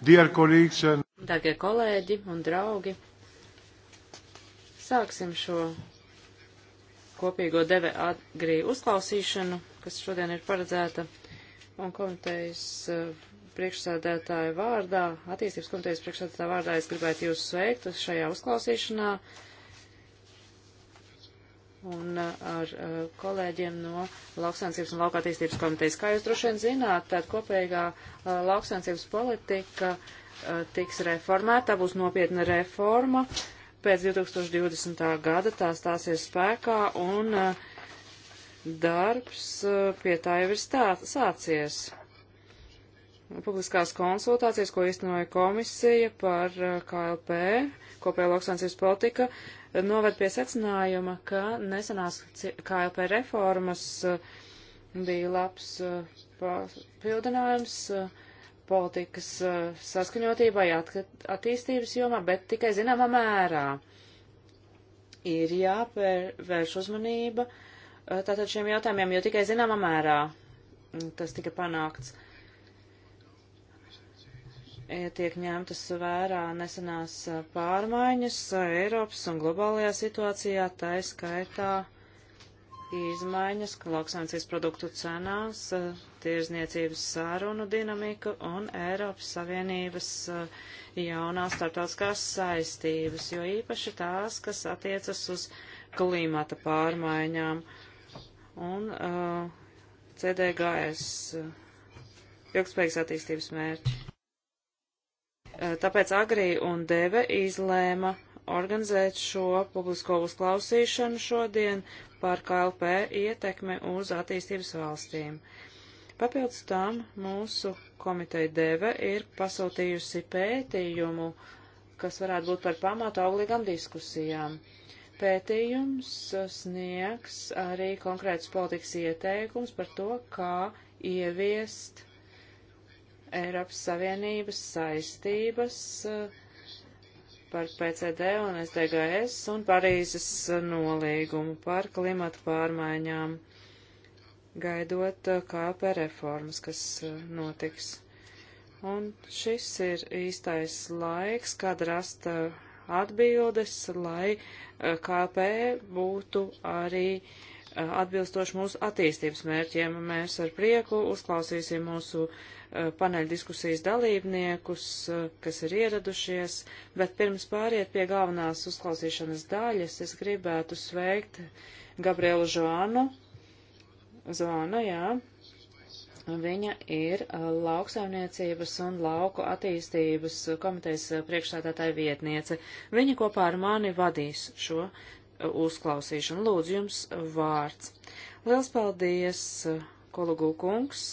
And... Dārgie kolēģi un draugi, sāksim šo kopīgo deve agrī uzklausīšanu, kas šodien ir paredzēta, un komitejas eh, priekšsādētāja vārdā, attīstības komitejas priekšsādētāja vārdā es gribētu jūs sveikt šajā uzklausīšanā. Uh, un uh, ar uh, kolēģiem no Lauksaimniecības un Laukātīstības komitejas. Kā jūs droši vien zināt, tad kopējā uh, lauksaimniecības politika tiks reformēta, būs nopietna reforma pēc 2020. gada, tā stāsies spēkā un darbs pie tā jau ir stā, sācies. Publiskās konsultācijas, ko iznoja komisija par KLP, kopējā lauksaimniecības politika, uh, noved pie secinājuma, ka nesenās KLP reformas uh, bija labs uh, papildinājums uh, politikas saskaņotībai attīstības jomā, bet tikai zināmā mērā ir jāpērvērš uzmanība tātad šiem jautājumiem, jo tikai zināmā mērā tas tika panākts. Uh, tiek ņemtas vērā nesenās pārmaiņas Eiropas un globālajā situācijā, tā skaitā izmaiņas lauksaimniecības produktu cenās, tirzniecības sārunu dinamika un Eiropas Savienības jaunās starptautiskās saistības, jo īpaši tās, kas attiecas uz klimata pārmaiņām un uh, CDGS ilgspējīgas attīstības mērķi. Tāpēc Agri un Deve izlēma organizēt šo publisko uzklausīšanu šodien par KLP ietekmi uz attīstības valstīm. Papildus tam mūsu komiteja Deve ir pasūtījusi pētījumu, kas varētu būt par pamatu auglīgām diskusijām. Pētījums sniegs arī konkrētus politikas ieteikums par to, kā ieviest Eiropas Savienības saistības eh, par PCD un SDGS un Parīzes eh, nolīgumu par klimatu pārmaiņām, gaidot eh, KP reformas, kas notiks. Un šis ir īstais laiks, kad rast atbildes, lai KP būtu arī atbilstoši mūsu attīstības mērķiem. Mēs ar prieku uzklausīsim mūsu uh, Eh, paneļdiskusijas dalībniekus, eh, kas ir ieradušies, bet pirms pāriet pie galvenās uzklausīšanas daļas, es gribētu sveikt Gabrielu Žoanu. Zvana, jā. Viņa ir eh, lauksaimniecības un lauku attīstības komitejas priekšsādātāja vietniece. Viņa kopā ar mani vadīs šo uzklausīšanu. Lūdzu, jums vārds. Liels paldies, Kolugu kungs!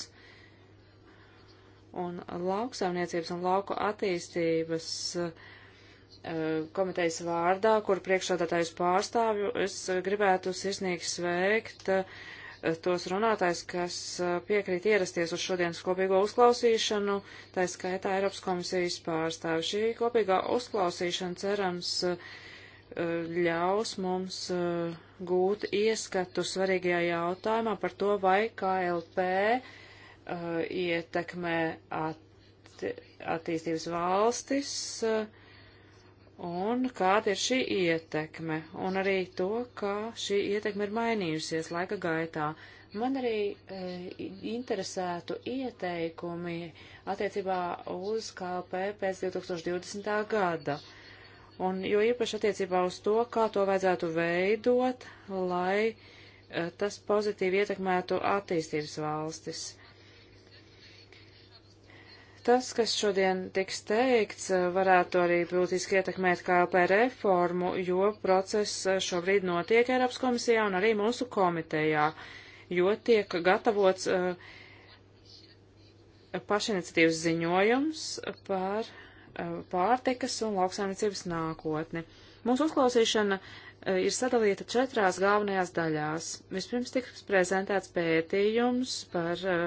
Un lauksaimniecības un lauku attīstības uh, komitejas vārdā, kur priekšādātājus pārstāvju, es gribētu sirsnīgi sveikt uh, tos runātājs, kas eh, piekrīt ierasties uz šodienas kopīgo uzklausīšanu, tā skaitā Eiropas komisijas pārstāvi. Šī kopīgā uzklausīšana cerams ļaus mums gūt ieskatu svarīgajā jautājumā par to, vai KLP uh, ietekmē at, attīstības valstis uh, un kāda ir šī ietekme, un arī to, kā šī ietekme ir mainījusies laika gaitā. Man arī e, interesētu ieteikumi attiecībā uz KLP pēc 2020. gada. Un jo īpaši attiecībā uz to, kā to vajadzētu veidot, lai e, tas pozitīvi ietekmētu attīstības valstis. E, Tas, kas šodien tiks teikts, eh, varētu arī būtiski ietekmēt KLP reformu, jo process eh, šobrīd notiek Eiropas komisijā un arī mūsu komitejā, jo tiek gatavots uh, eh, pašiniciatīvas ziņojums par pārtikas un lauksaimniecības nākotni. Mūsu uzklausīšana E, ir sadalīta četrās galvenajās daļās. Vispirms tiks prezentēts pētījums par e,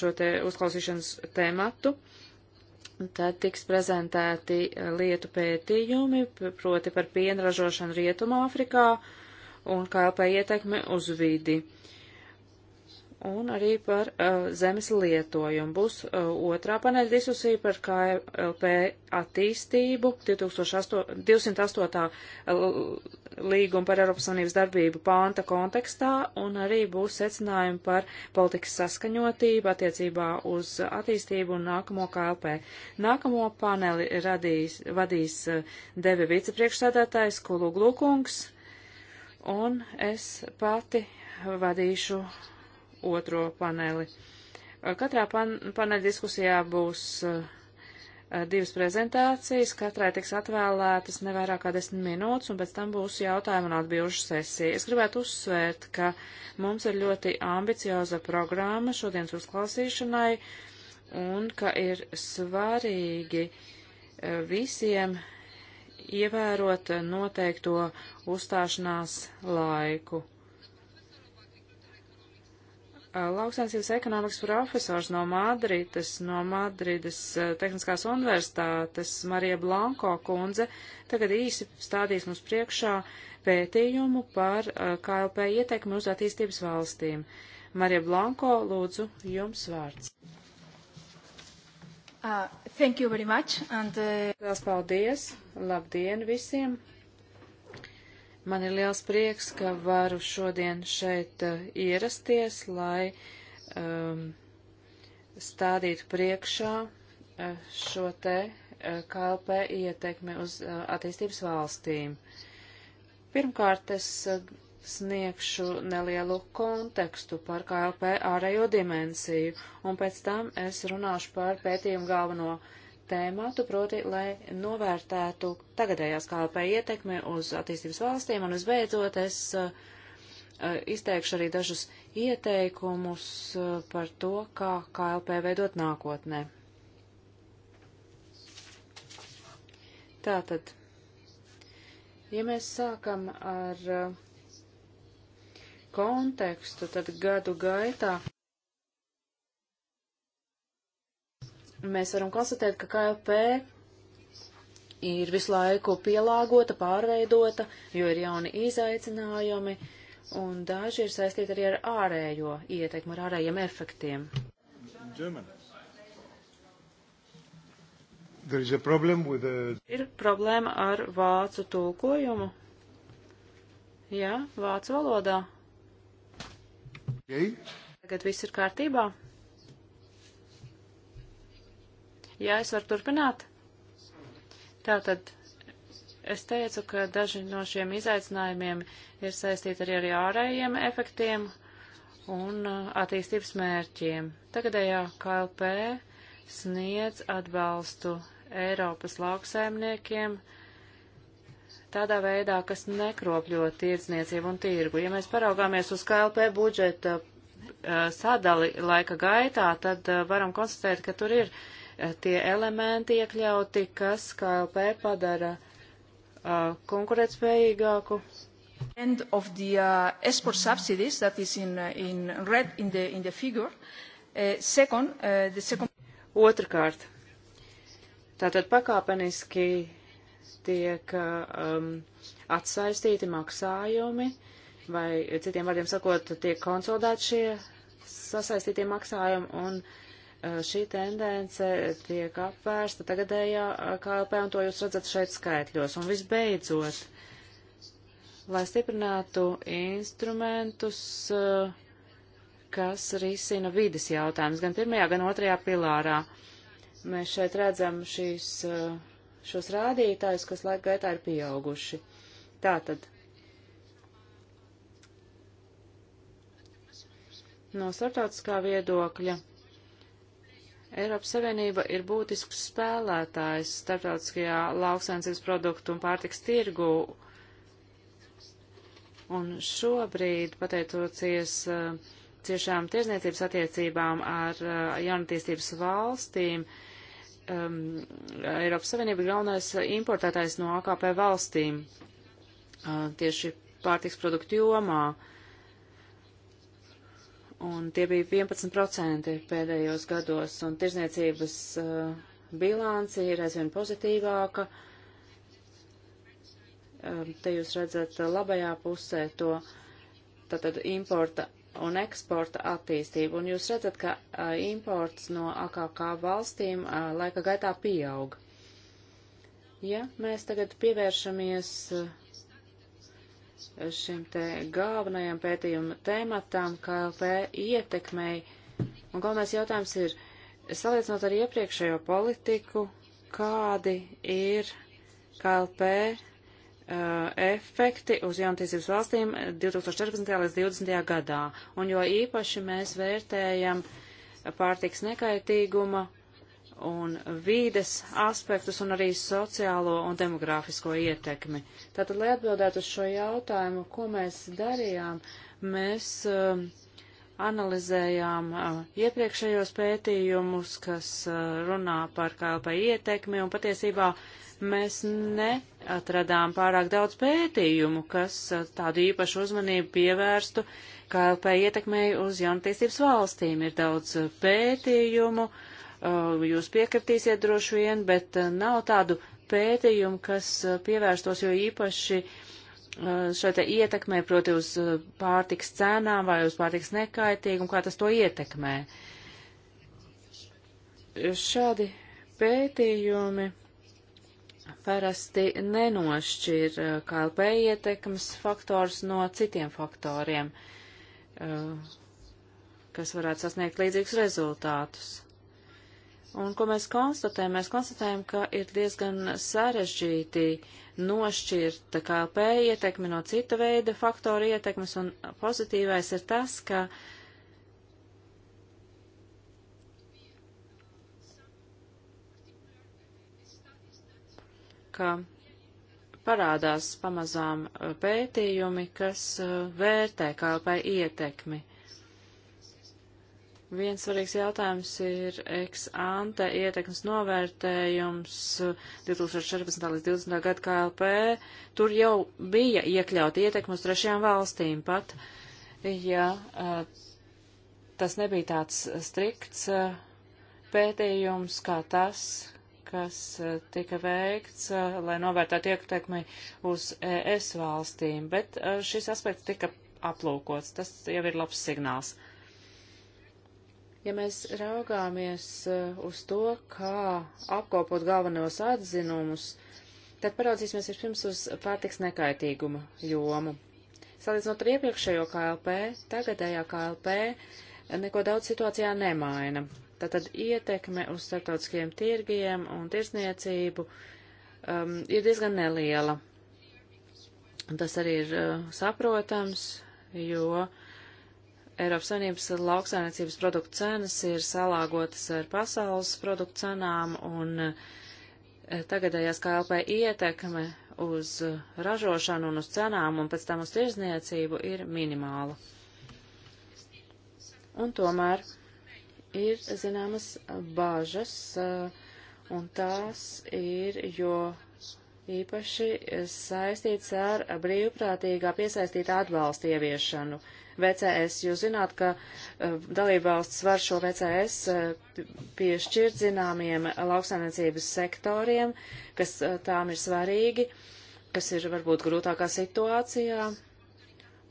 šo te uzklausīšanas tematu. Tad tiks prezentēti e, lietu pētījumi, proti par pienražošanu Rietumā Afrikā un KLP ietekme uz vidi. Uh, un arī par uh, zemes lietojumu. Būs uh, otrā paneļa diskusija par KLP attīstību 2008, 208. Eh, līguma par Eiropas Savienības darbību pānta kontekstā, un arī būs secinājumi par politikas saskaņotību attiecībā uz attīstību un nākamo KLP. Nākamo paneli radīs, vadīs uh, Deve vicepriekšsēdētājs Kuluglukungs, un es pati vadīšu otro paneli. Katrā pan paneļa diskusijā būs divas prezentācijas, katrai tiks atvēlētas nevairāk kā desmit minūtes, un pēc tam būs jautājuma un atbilžu sesija. Es gribētu uzsvērt, ka mums ir ļoti ambicioza programma šodienas uzklausīšanai, un ka ir svarīgi visiem ievērot noteikto uzstāšanās laiku lauksainsības ekonomikas profesors no Madrides, no Madrides Tehniskās universitātes Marija Blanko kundze tagad īsi stādīs mums priekšā pētījumu par KLP ietekmi uz attīstības valstīm. Marija Blanko, lūdzu, jums vārds. Uh, thank you very much. And, uh... Paldies. Labdien visiem. Man ir liels prieks, ka varu šodien šeit uh, ierasties, lai um, stādītu priekšā uh, šo te uh, KLP ietekmi uz uh, attīstības valstīm. Pirmkārt, es uh, sniegšu nelielu kontekstu par KLP ārējo dimensiju, un pēc tam es runāšu par pētījumu galveno tēmātu, proti, lai novērtētu tagadējās KLP ietekmi uz attīstības valstīm, un visbeidzot es uh, izteikšu arī dažus ieteikumus uh, par to, kā KLP veidot nākotnē. Tātad, ja mēs sākam ar uh, kontekstu, tad gadu gaitā. mēs varam konstatēt, ka KLP ir visu laiku pielāgota, pārveidota, jo ir jauni izaicinājumi, un daži ir saistīti arī ar ārējo ieteikumu, ar ārējiem efektiem. The... Ir problēma ar vācu tulkojumu. Jā, vācu valodā. Okay. Tagad viss ir kārtībā. Jā, es varu turpināt? Tātad es teicu, ka daži no šiem izaicinājumiem ir saistīti arī ar ārējiem efektiem un uh, attīstības mērķiem. Tagadējā KLP sniedz atbalstu Eiropas lauksaimniekiem tādā veidā, kas nekropļo tirdzniecību un tirgu. Ja mēs paraugāmies uz KLP budžeta uh, sadali laika gaitā, tad uh, varam konstatēt, ka tur ir uh, tie elementi iekļauti, kas KLP padara uh, konkurētspējīgāku. End of the uh, export subsidies that is in, in red in the, in the figure. Uh, second, uh, the second... Otrakārt, tātad pakāpeniski tiek um, atsaistīti maksājumi, vai citiem vārdiem sakot, tiek konsolidēti šie sasaistītie maksājumi un uh, Eh, šī tendence tiek apvērsta tagadējā KLP, un to jūs redzat šeit skaitļos. Un visbeidzot, lai stiprinātu instrumentus, eh, kas risina vides jautājumus, gan pirmajā, gan otrajā pilārā. Mēs šeit redzam šīs, eh, šos rādītājus, kas laika gaitā ir pieauguši. Tātad no starptautiskā viedokļa Eiropas Savienība ir būtisks spēlētājs starptautiskajā lauksainsības produktu un pārtiks tirgu. Un šobrīd, pateicoties eh, ciešām tirzniecības attiecībām ar eh, jaunatīstības valstīm, um, Eiropas Savienība ir galvenais importētājs no AKP valstīm uh, tieši pārtiks produktu jomā. Uh, un tie bija 11% pēdējos gados, un tirzniecības uh, bilance ir aizvien pozitīvāka. Uh, te jūs redzat uh, labajā pusē to tātad importa un eksporta attīstību, un jūs redzat, ka uh, imports no AKK valstīm uh, laika gaitā pieaug. Ja mēs tagad pievēršamies uh, šim te galvenajam pētījuma tematam KLP ietekmei. Un galvenais jautājums ir, salīdzinot ar iepriekšējo politiku, kādi ir KLP uh, efekti uz jaunatīstības valstīm 2014. līdz 2020. gadā. Un jo īpaši mēs vērtējam pārtiks nekaitīguma un vīdes aspektus un arī sociālo un demografisko ietekmi. Tātad, lai atbildētu uz šo jautājumu, ko mēs darījām, mēs uh, analizējām uh, iepriekšējos pētījumus, kas uh, runā par KLP ietekmi, un patiesībā mēs neatradām pārāk daudz pētījumu, kas uh, tādu īpašu uzmanību pievērstu KLP ietekmei uz jaunatīstības valstīm. Ir daudz uh, pētījumu, uh, Uh, jūs piekritīsiet droši vien, bet uh, nav tādu pētījumu, kas uh, pievērstos jo īpaši šai te ietekmē, proti uz pārtiks cenām vai uz pārtiks nekaitīgumu, kā tas to ietekmē. Šādi pētījumi parasti nenošķir KLP ietekmes faktors no citiem faktoriem, kas varētu sasniegt līdzīgus rezultātus. Un ko mēs konstatējam? Mēs konstatējam, ka ir diezgan sarežģīti nošķirt KLP ietekmi no cita veida faktoru ietekmes, un pozitīvais ir tas, ka ka parādās pamazām eh, pētījumi, kas eh, vērtē KLP ietekmi. Viens svarīgs jautājums ir ex-ante ietekmes novērtējums 2014. līdz 2020. gadu KLP. Tur jau bija iekļauti ietekmes uz trešajām valstīm pat, ja tas nebija tāds strikts pētījums kā tas, kas tika veikts, lai novērtētu ietekmi uz ES valstīm, bet šis aspekts tika aplūkots. Tas jau ir labs signāls. Ja mēs raugāmies uh, uz to, kā apkopot galvenos atzinumus, tad paraudzīsimies vispirms uz pārtiks nekaitīguma jomu. Salīdzinot ar iepriekšējo KLP, tagadējā KLP neko daudz situācijā nemaina. Tātad ietekme uz starptautiskiem tirgiem un tirsniecību um, ir diezgan neliela. Tas arī ir uh, saprotams, jo uh, Eiropas Savienības lauksainiecības produktu cenas ir salāgotas ar pasaules produktu cenām, un e, tagadējās KLP ietekme uz ražošanu un uz cenām un pēc tam uz tirzniecību ir minimāla. Un tomēr ir zināmas bāžas, e, un tās ir, jo īpaši saistīts ar brīvprātīgā piesaistītā atbalsta ieviešanu. Uh, VCS. Jūs zināt, ka uh, eh, dalībvalsts var šo VCS uh, eh, piešķirt zināmiem lauksainiecības sektoriem, kas uh, tām ir svarīgi, kas ir varbūt grūtākā situācijā.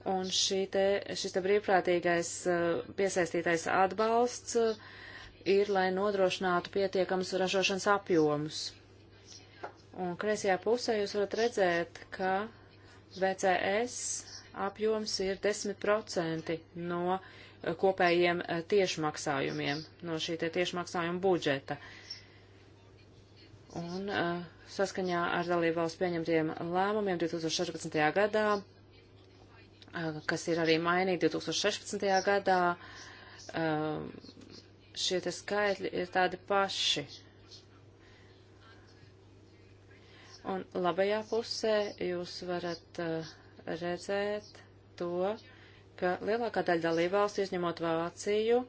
Un te, šis te brīvprātīgais piesaistītais atbalsts ir, lai nodrošinātu pietiekamus ražošanas apjomus. Un kreisajā pusē jūs varat redzēt, ka VCS apjoms ir 10% no eh, kopējiem eh, tiešmaksājumiem, no šī te tiešmaksājuma budžeta. Un eh, saskaņā ar dalību valsts pieņemtiem lēmumiem 2016. gadā, kas ir arī mainīti 2016. gadā, šie te skaitļi ir tādi paši. Un labajā pusē jūs varat uh, redzēt to, ka lielākā daļa dalībvalstu, izņemot Vāciju,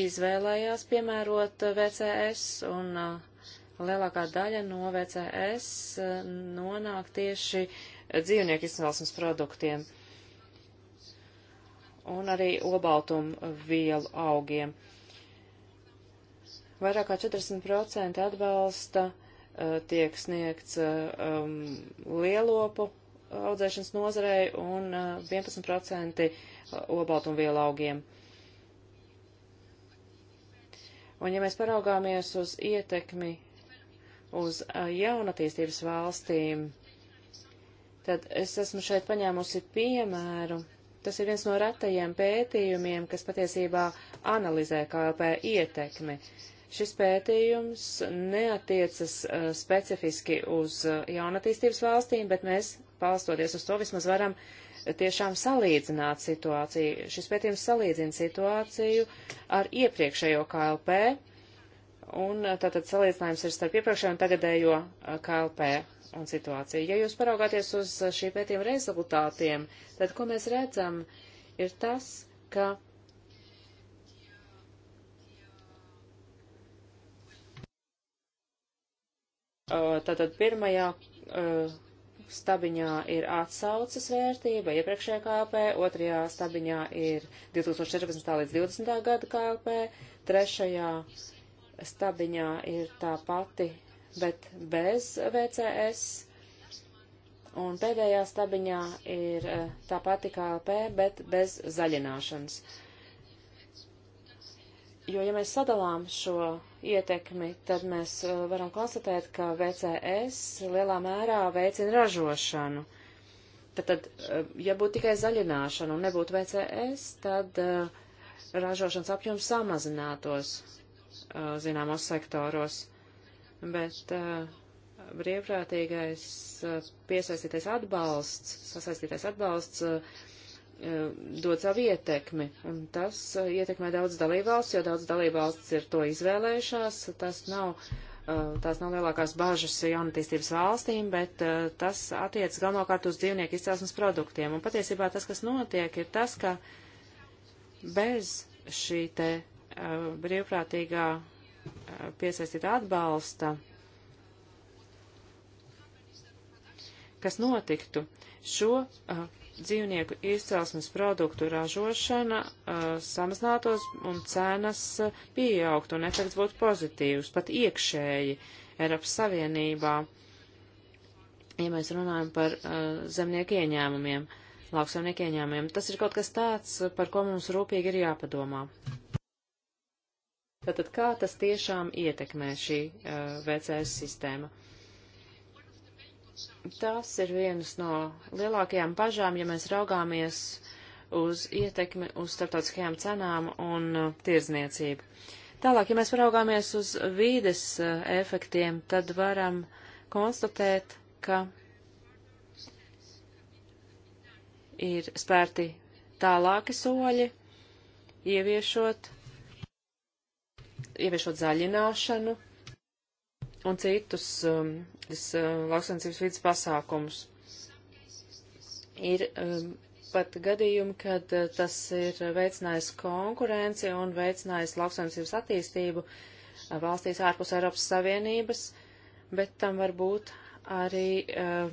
izvēlējās piemērot VCS un uh, lielākā daļa no VCS uh, nonāk tieši dzīvnieku izcelsmes produktiem un arī obaltumu vielu augiem. Vairāk kā 40% atbalsta uh, tiek sniegts um, lielopu audzēšanas nozarei un 11% uh, uh, obaltumvielu augiem. Un ja mēs paraugāmies uz ietekmi uz uh, jaunatīstības valstīm, tad es esmu šeit paņēmusi piemēru. Tas ir viens no retajiem pētījumiem, kas patiesībā analizē KLP ietekmi. Šis pētījums neatiecas uh, specifiski uz uh, jaunatīstības valstīm, bet mēs palstoties uz to vismaz varam tiešām salīdzināt situāciju. Šis pētījums salīdzina situāciju ar iepriekšējo KLP, un uh, tātad salīdzinājums ir starp iepriekšējo un tagadējo uh, KLP un situāciju. Ja jūs paraugāties uz uh, šī pētījuma rezultātiem, tad ko mēs redzam, ir tas, ka tātad pirmajā uh, stabiņā ir atsaucas vērtība iepriekšējā KLP, otrajā stabiņā ir 2014. līdz 2020. gada KLP, trešajā stabiņā ir tā pati, bet bez VCS, un pēdējā stabiņā ir eh, tā pati KLP, bet bez zaļināšanas. Uh, Jo, ja mēs sadalām šo ietekmi, tad mēs uh, varam konstatēt, ka VCS lielā mērā veicina ražošanu. Tad, uh, ja būtu tikai zaļināšana un nebūtu VCS, tad uh, ražošanas apjoms samazinātos zināmos sektoros. Bet brīvprātīgais piesaistītais atbalsts, sasaistītais atbalsts E, dod savu ietekmi, un tas e, ietekmē daudz dalībvalsts, jo daudz dalībvalsts ir to izvēlējušās. Tas nav, e, tās nav lielākās bažas jaunatīstības valstīm, bet tas attiec galvenokārt uz dzīvnieku izcelsmes produktiem. Un patiesībā tas, kas notiek, ir tas, ka bez šī te brīvprātīgā piesaistīta atbalsta, kas notiktu, šo dzīvnieku izcelsmes produktu ražošana uh, samazinātos un cenas uh, pieaugtu un efekts būtu pozitīvs, pat iekšēji Eiropas Savienībā, ja mēs runājam par uh, zemnieku ieņēmumiem, lauksaimnieku ieņēmumiem. Tas ir kaut kas tāds, par ko mums rūpīgi ir jāpadomā. Tātad kā tas tiešām ietekmē šī uh, VCS sistēma? Uh, Tas ir vienas no lielākajām bažām, ja mēs raugāmies uz ietekmi uz starptautiskajām cenām un uh, tirzniecību. Tālāk, ja mēs raugāmies uz vīdes uh, efektiem, tad varam konstatēt, ka ir spērti tālāki soļi, ieviešot, ieviešot zaļināšanu un citus um, šķēršļus eh, lauksaimniecības vidas pasākumus. Ir eh, pat gadījumi, kad eh, tas ir veicinājis konkurenci un veicinājis lauksaimniecības attīstību valstīs ārpus Eiropas Savienības, bet tam var būt arī uh,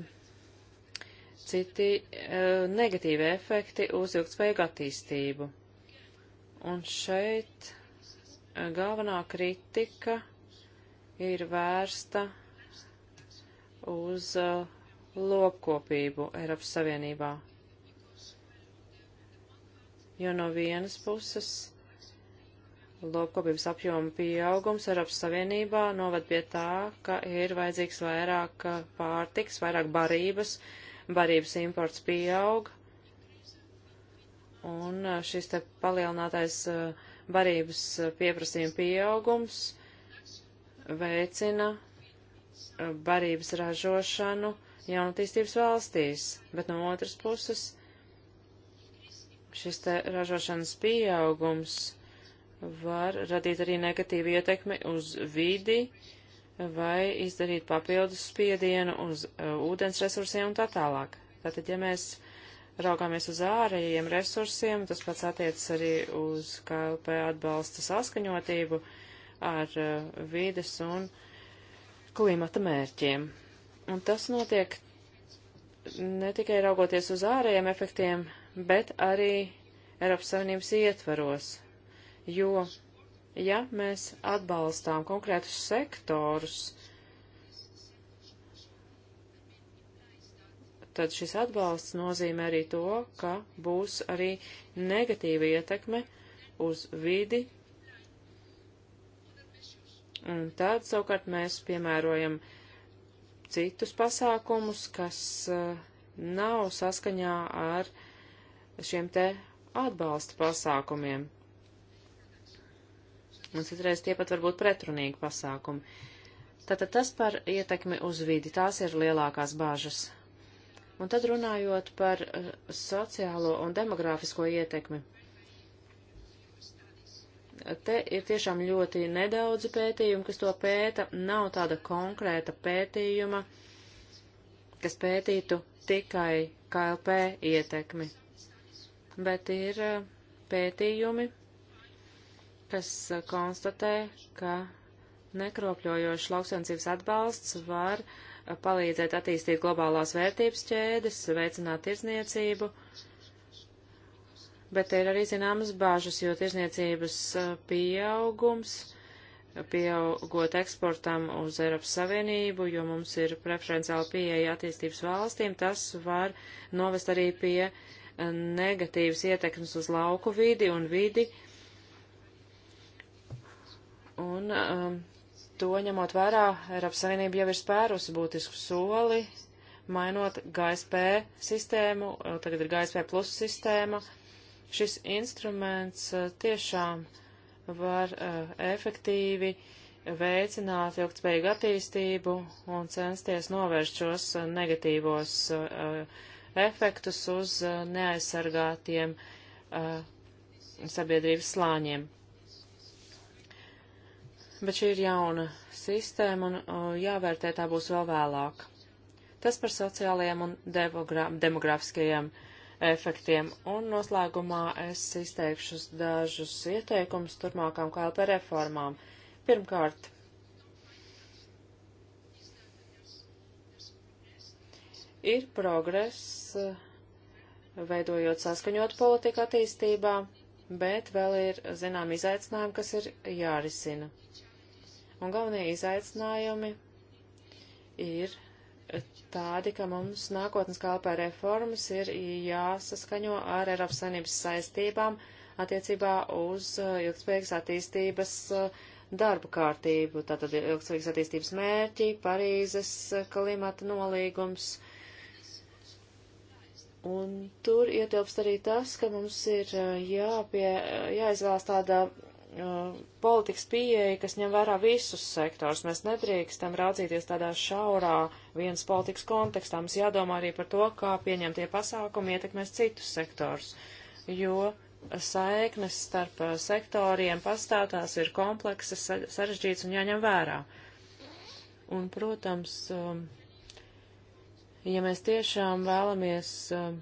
citi uh, negatīvi efekti uz ilgspējīgu attīstību. Un šeit galvenā kritika ir vērsta uz uh, lopkopību Eiropas Savienībā. Jo no vienas puses lopkopības apjoma pieaugums Eiropas Savienībā novad pie tā, ka ir vajadzīgs vairāk uh, pārtiks, vairāk barības, barības imports pieaug, un uh, šis te palielinātais uh, barības pieprasījuma pieaugums veicina barības ražošanu jaunatīstības valstīs, bet no otras puses šis te ražošanas pieaugums var radīt arī negatīvu ietekmi uz vidi vai izdarīt papildus spiedienu uz uh, ūdens resursiem un tā tālāk. Tātad, ja mēs raugāmies uz ārējiem resursiem, tas pats attiecas arī uz KLP atbalsta saskaņotību ar uh, vides un uh, klimata mērķiem. Un tas notiek ne tikai raugoties uz ārējiem efektiem, bet arī Eiropas Savienības ietvaros, jo, ja mēs atbalstām konkrētus sektorus, tad šis atbalsts nozīmē arī to, ka būs arī negatīva ietekme uz vidi Un tad savukārt mēs piemērojam citus pasākumus, kas uh, nav saskaņā ar šiem te atbalsta pasākumiem. Un citreiz tie pat var būt pretrunīgi pasākumi. Tātad tas par ietekmi uz vidi, tās ir lielākās bāžas. Un tad runājot par eh, sociālo un demogrāfisko ietekmi te ir tiešām ļoti nedaudzi pētījumi, kas to pēta. Nav tāda konkrēta pētījuma, kas pētītu tikai KLP ietekmi. Bet ir eh, pētījumi, kas eh, konstatē, ka nekropļojošs lauksaimniecības atbalsts var eh, palīdzēt attīstīt globālās vērtības ķēdes, veicināt tirzniecību, uh, bet ir arī zināmas bāžas, jo tirzniecības pieaugums pieaugot eksportam uz Eiropas Savienību, jo mums ir preferenciāla pieeja attīstības valstīm, tas var novest arī pie negatīvas ietekmes uz lauku vidi un vidi. Un um, to ņemot vērā, Eiropas Savienība jau ir spērusi būtisku soli, mainot GSP sistēmu, tagad ir GSP plus sistēma, uh, Šis instruments uh, tiešām var uh, efektīvi veicināt ilgtspējīgu attīstību un censties novērst šos uh, negatīvos efektus uz neaizsargātiem sabiedrības slāņiem. Bet šī ir jauna sistēma un jāvērtē tā būs vēl vēlāk. Tas par sociālajiem un demografiskajiem efektiem. Un noslēgumā es izteikšu dažus ieteikumus turmākām KLP reformām. Pirmkārt, ir progress eh, veidojot saskaņot politiku attīstībā, bet vēl ir zinām izaicinājumi, kas ir jārisina. Un galvenie izaicinājumi ir tādi, ka mums nākotnes kalpē reformas ir jāsaskaņo ar Eiropas Savienības saistībām attiecībā uz uh, ilgspējīgas attīstības uh, darba kārtību, tātad ilgspējīgas attīstības mērķi, Parīzes uh, klimata nolīgums. Un tur ietilpst arī tas, ka mums ir jāpie, jāizvēlas tāda Uh, politikas pieeja, kas ņem vērā visus sektors. Mēs nedrīkstam raudzīties tādā šaurā vienas politikas kontekstā. Mums jādomā arī par to, kā pieņemtie pasākumi ietekmēs citus sektors, jo saiknes starp uh, sektoriem pastātās ir kompleksas, sarežģīts un jāņem vērā. Un, protams, um, ja mēs tiešām vēlamies um,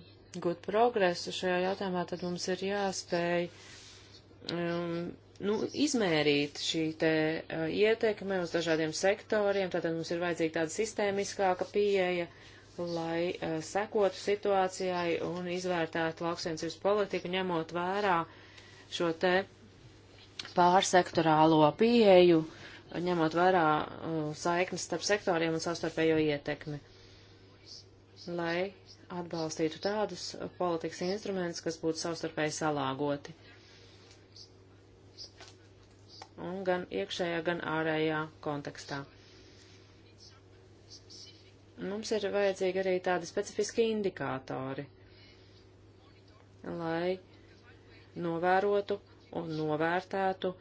gūt progresu šajā jautājumā, tad mums ir jāspēj um, nu, izmērīt šī te uh, ietekme uz dažādiem sektoriem, tātad mums ir vajadzīga tāda sistēmiskāka pieeja, lai uh, sekotu situācijai un izvērtētu lauksiencības politiku, ņemot vērā šo te pārsektorālo pieeju, ņemot vērā uh, saiknes starp sektoriem un savstarpējo ietekmi, lai atbalstītu tādus politikas instrumentus, kas būtu savstarpēji salāgoti un gan iekšējā, gan ārējā kontekstā. Mums ir vajadzīgi arī tādi specifiski indikātori, lai novērotu un novērtētu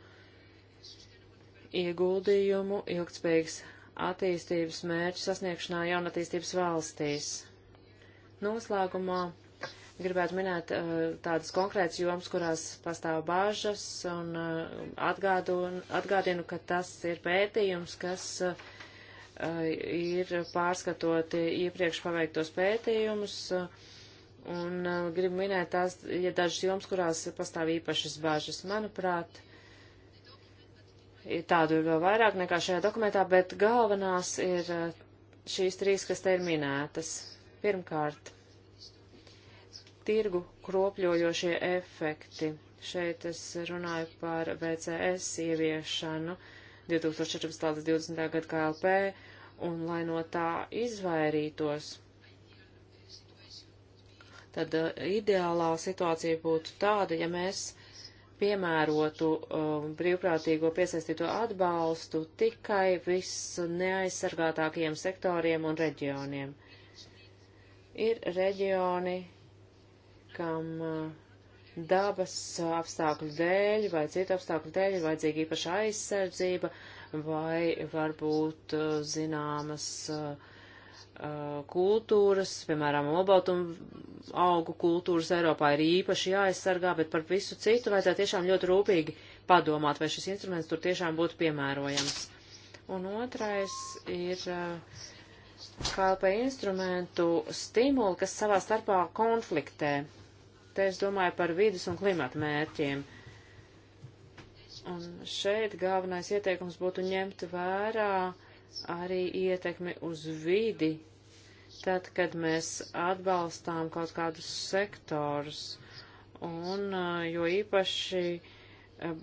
ieguldījumu ilgspējīgas attīstības mērķu sasniegšanā jaunatīstības valstīs. Noslēgumā gribētu minēt eh, tādas konkrētas jomas, kurās pastāv bāžas, un eh, atgādu, atgādinu, ka tas ir pētījums, kas eh, ir pārskatot iepriekš paveiktos pētījumus, un gribu minēt tās, ja dažas jomas, kurās pastāv īpašas bāžas, manuprāt, tādu ir vēl vairāk nekā šajā dokumentā, bet galvenās ir šīs trīs, kas te ir minētas. Pirmkārt, tirgu kropļojošie efekti. Šeit es runāju par VCS ieviešanu 2014. līdz 2020. gadu KLP un lai no tā izvairītos. Tad uh, ideālā situācija būtu tāda, ja mēs piemērotu uh, brīvprātīgo piesaistīto atbalstu tikai visneaizsargātākajiem sektoriem un reģioniem. Ir reģioni, kam eh, dabas apstākļu dēļ vai citu apstākļu dēļ ir vajadzīga īpaša aizsardzība vai varbūt eh, zināmas eh, kultūras, piemēram, olbaltumu augu kultūras Eiropā ir īpaši jāaizsargā, bet par visu citu vajadzētu tiešām ļoti rūpīgi padomāt, vai šis instruments tur tiešām būtu piemērojams. Un otrais ir KLP instrumentu stimuli, kas savā starpā konfliktē. Te es domāju par vidas un klimata mērķiem. Un šeit galvenais ieteikums būtu ņemt vērā arī ietekmi uz vidi, tad, kad mēs atbalstām kaut kādus sektorus. Un jo īpaši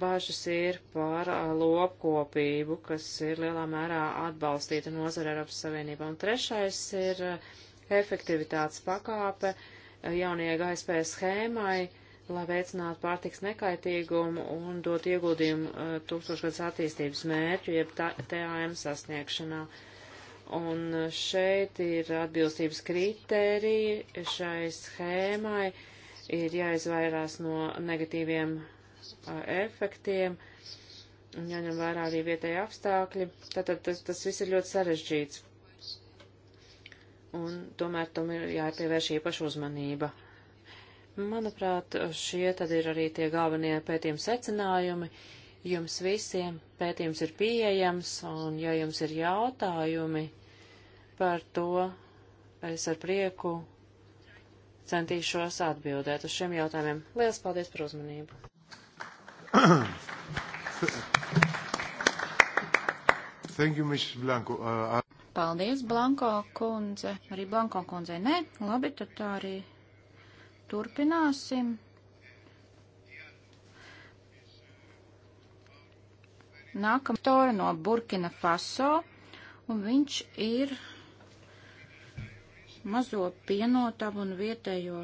bažas ir par lopkopību, kas ir lielā mērā atbalstīta nozara Eiropas Savienībā. Un trešais ir efektivitātes pakāpe, uh, jaunajai GSP schēmai, lai veicinātu pārtiks nekaitīgumu un dot ieguldījumu uh, tūkstošgads attīstības mērķu, jeb TAM sasniegšanā. Un uh, šeit ir atbilstības kritērija šai schēmai, ir jāizvairās no negatīviem uh, efektiem, un jāņem vērā arī vietēji apstākļi. Tātad tas, tas viss ir ļoti sarežģīts un tomēr tam ir jāpievērš īpaša uzmanība. Manuprāt, šie tad ir arī tie galvenie pētījuma secinājumi. Jums visiem pētījums ir pieejams, un ja jums ir jautājumi par to, es ar prieku centīšos atbildēt uz šiem jautājumiem. Lielas paldies par uzmanību! Thank you, Mrs. Blanco. Uh, I... Paldies, Blanko kundze. Arī Blanko kundzei nē. Labi, tad tā arī turpināsim. Nākamā stāja no Burkina Faso, un viņš ir mazo pienotavu un vietējo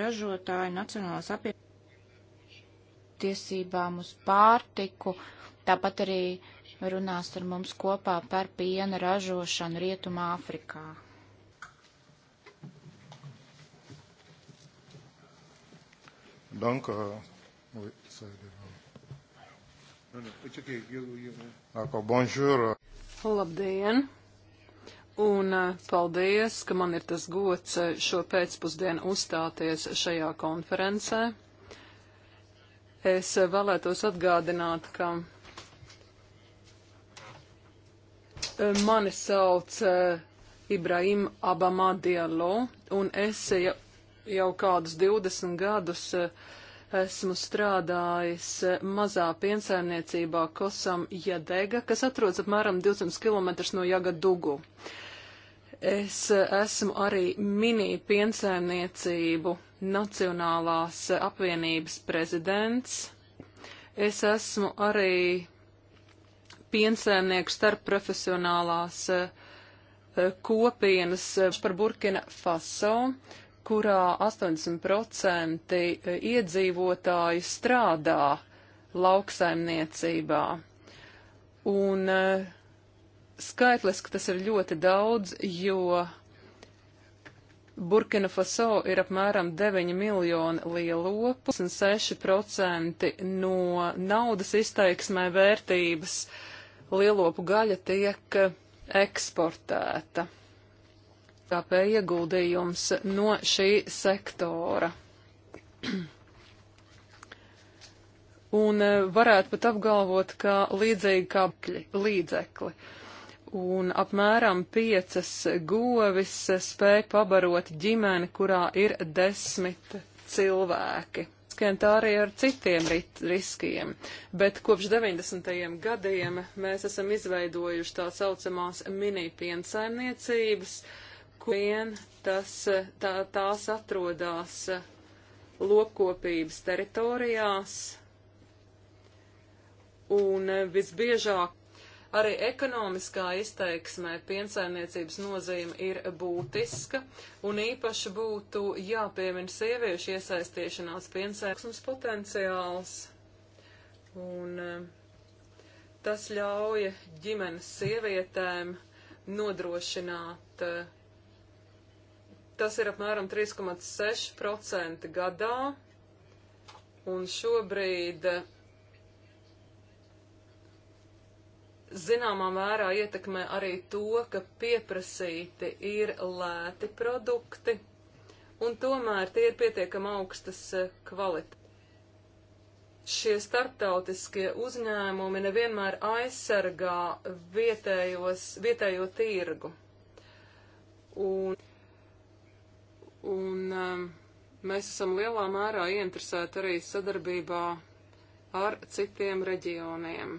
ražotāju nacionālās apvienības tiesībām uz pārtiku, tāpat arī runās ar mums kopā par piena ražošanu Rietumā Afrikā. Donc, euh, oui, c'est Ako, uh, bonjour. Labdien! Un uh, paldies, ka man ir tas gods uh, šo pēcpusdienu uzstāties šajā konferencē. Es vēlētos atgādināt, ka Eh, mani sauc eh, Ibrahim Abamadialo, un es jau kādus 20 gadus eh, esmu strādājis mazā piensaimniecībā Kosam Jadega, kas atrodas apmēram 200 km no Jagadugu. Es esmu arī mini piensaimniecību Nacionālās apvienības prezidents. Es esmu arī piensēmnieku starpprofesionālās eh, kopienas eh, par Burkina Faso, kurā 80% eh, iedzīvotāji strādā lauksaimniecībā. Un skaitliski tas ir ļoti daudz, jo Burkina Faso ir apmēram 9 miljoni lielopus un 6% no naudas izteiksmē vērtības uh, lielopu gaļa tiek eksportēta. KP ieguldījums no šī sektora. Un eh, varētu pat apgalvot, ka līdzīgi kā līdzekli. Un apmēram piecas govis spēja pabarot ģimeni, kurā ir desmit cilvēki riskiem, tā arī ar citiem riskiem. Bet kopš 90. gadiem mēs esam izveidojuši tā saucamās mini piensaimniecības, kurien tas, tā, tās atrodās lopkopības teritorijās. Un eh, visbiežāk Arī ekonomiskā izteiksmē piensaimniecības nozīme ir būtiska, un īpaši būtu jāpiemina sieviešu iesaistīšanās piensaimniecības potenciāls. Un eh, tas ļauj ģimenes sievietēm nodrošināt, eh, tas ir apmēram 3,6% gadā, un šobrīd zināmā mērā ietekmē arī to, ka pieprasīti ir lēti produkti, un tomēr tie ir pietiekami augstas eh, kvalitātes. Šie starptautiskie uzņēmumi nevienmēr aizsargā vietējos, vietējo tirgu. Un, un um, mēs esam lielā mērā ieinteresēti arī sadarbībā ar citiem reģioniem.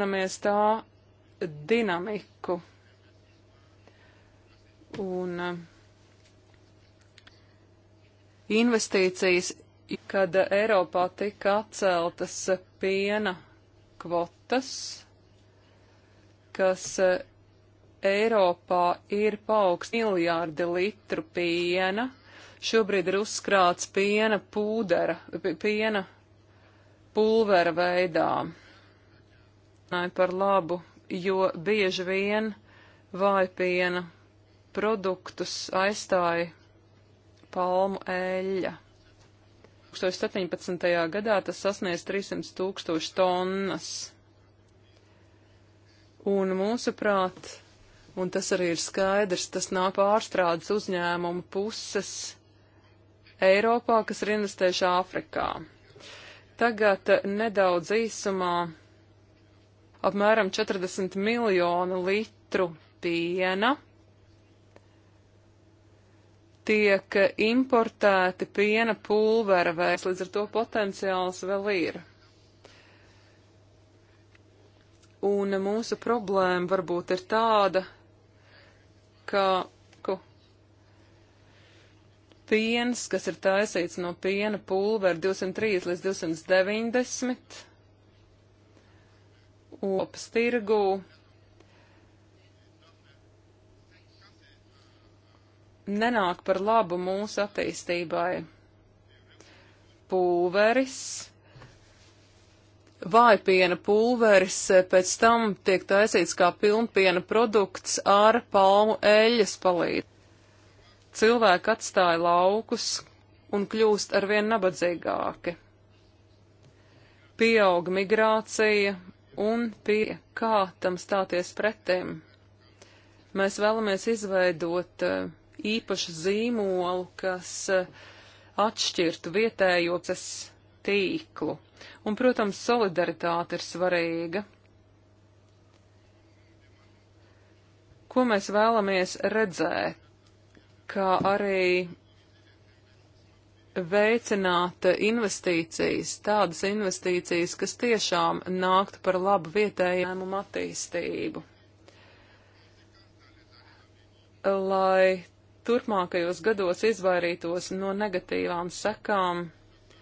Namies tā dinamiku. Un eh, investīcijas, kad Eiropā tika atceltas piena kvotas, kas eh, Eiropā ir paaugst miljārdi litru piena, šobrīd ir uzkrāts piena pūdera, piena pulvera veidā par labu, jo bieži vien vājpiena produktus aizstāja palmu eļļa. 2017. gadā tas sasniedz 300 tūkstoši tonnas. Un mūsuprāt, un tas arī ir skaidrs, tas nav pārstrādes uzņēmumu puses Eiropā, kas ir investējuši Āfrikā. Tagad nedaudz īsumā apmēram 40 miljonu litru piena tiek importēti piena pulvera vēs, līdz ar to potenciāls vēl ir. Un mūsu problēma varbūt ir tāda, ka ku, piens, kas ir taisīts no piena pulvera 203 līdz 290 opas tirgū. Nenāk par labu mūsu attīstībai pulveris, vājpiena pulveris, pēc tam tiek taisīts kā pilnpiena produkts ar palmu eļas palīdzību. Cilvēki atstāja laukus un kļūst arvien nabadzīgāki. Pieauga migrācija un pie kā tam stāties pretim. Mēs vēlamies izveidot eh, īpašu zīmolu, kas eh, atšķirtu vietējo tīklu. Un, protams, solidaritāte ir svarīga. Ko mēs vēlamies redzēt? Kā arī veicināt investīcijas, tādas investīcijas, kas tiešām nāktu par labu vietējiem un attīstību. Lai turpmākajos gados izvairītos no negatīvām sekām,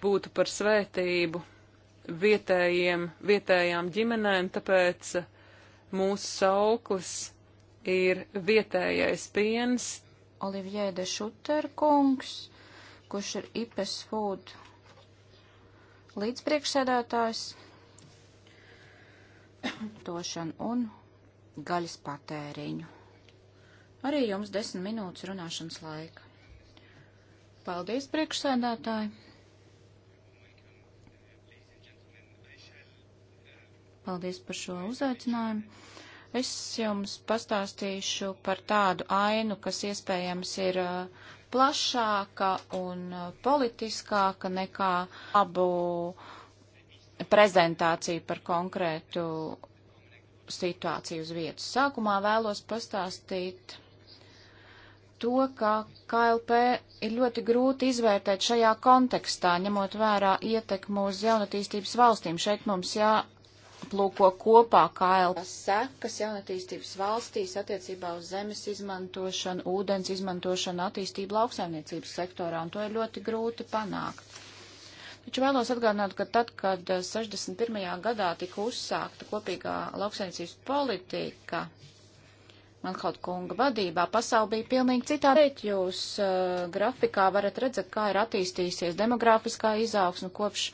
būtu par svētību vietējiem, vietējām ģimenēm, tāpēc mūsu sauklis ir vietējais piens. Olivier de Šuterkungs kurš ir IPES Food līdzpriekšsēdētājs, tošanu un gaļas patēriņu. Arī jums desmit minūtes runāšanas laika. Paldies, priekšsēdētāji! Paldies par šo uzaicinājumu. Es jums pastāstīšu par tādu ainu, kas iespējams ir uh, plašāka un uh, politiskāka nekā abu prezentāciju par konkrētu situāciju uz vietas. Sākumā vēlos pastāstīt to, ka KLP ir ļoti grūti izvērtēt šajā kontekstā, ņemot vērā ietekmu uz jaunatīstības valstīm. Šeit mums jā jāplūko kopā KLP sekas jaunatīstības valstīs attiecībā uz zemes izmantošanu, ūdens izmantošanu, attīstību lauksaimniecības sektorā, un to ir ļoti grūti panākt. Taču vēlos atgādināt, ka tad, kad 61. Eh, gadā tika uzsākta kopīgā lauksaimniecības politika, man kaut kunga vadībā, pasauli bija pilnīgi citā. Bet jūs uh, grafikā varat redzēt, kā ir attīstījusies demografiskā izaugsme kopš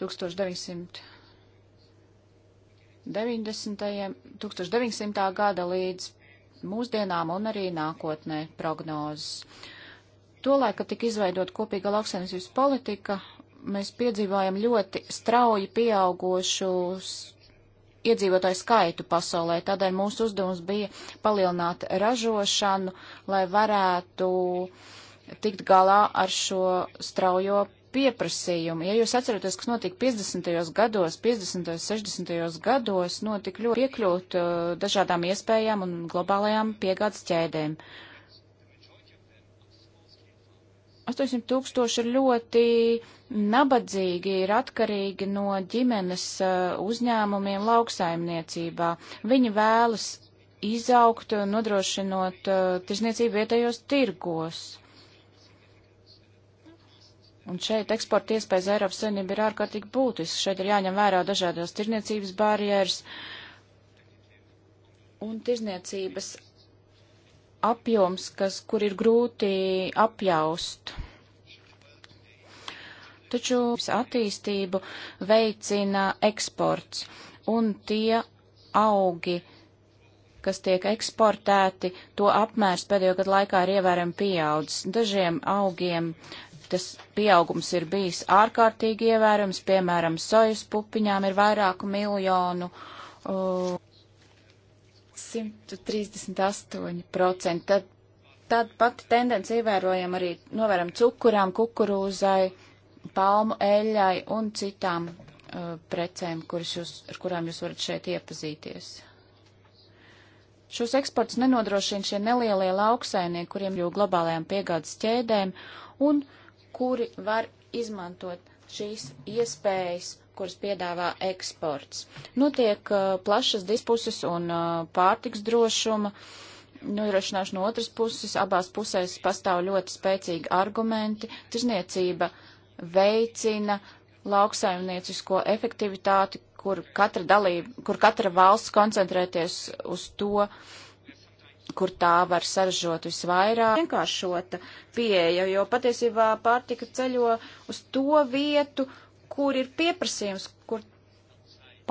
1900. 90. 1900. gada līdz mūsdienām un arī nākotnē prognozes. Tolēk, kad tika izveidot kopīga lauksaimniecības politika, mēs piedzīvājam ļoti strauji pieaugošus iedzīvotāju skaitu pasaulē. Tādēļ mūsu uzdevums bija palielināt ražošanu, lai varētu tikt galā ar šo straujo pieprasījumu. Ja jūs atceraties, kas notika 50. gados, 50. 60. gados, notika ļoti piekļūt uh, dažādām iespējām un globālajām piegādes ķēdēm. 800 tūkstoši ir ļoti nabadzīgi, ir atkarīgi no ģimenes uh, uzņēmumiem lauksaimniecībā. Viņi vēlas izaugt, nodrošinot uh, tirzniecību vietējos tirgos. Uh, Un šeit eksporta iespējas Eiropas Savienība ir ārkārtīgi būtisks. Šeit ir jāņem vērā dažādās tirniecības barjeras un tirniecības apjoms, kas, kur ir grūti apjaust. Taču attīstību veicina eksports un tie augi, kas tiek eksportēti, to apmērs pēdējo gadu laikā ir ievērami pieaudzis. Dažiem augiem tas pieaugums ir bijis ārkārtīgi ievērams, piemēram, sojas pupiņām ir vairāku miljonu. Uh, 138%. Tad, tad pati tendence ievērojam arī, novēram, cukurām, kukurūzai, palmu eļai un citām uh, precēm, kuras jūs, ar kurām jūs varat šeit iepazīties. Šos eksports nenodrošina šie nelielie lauksainieki, kuriem jau globālajām piegādes ķēdēm, un uh, kuri var izmantot šīs iespējas, kuras piedāvā eksports. Notiek nu, uh, plašas dispuses un uh, pārtiks drošuma nodrošināšana nu, no otras puses. Abās pusēs pastāv ļoti spēcīgi argumenti. Tirzniecība veicina lauksaimniecisko efektivitāti, kur katra, dalība, kur katra valsts koncentrēties uz to, uh, kur tā var saražot visvairāk vienkāršota pieeja, jo patiesībā pārtika ceļo uz to vietu, kur ir pieprasījums, kur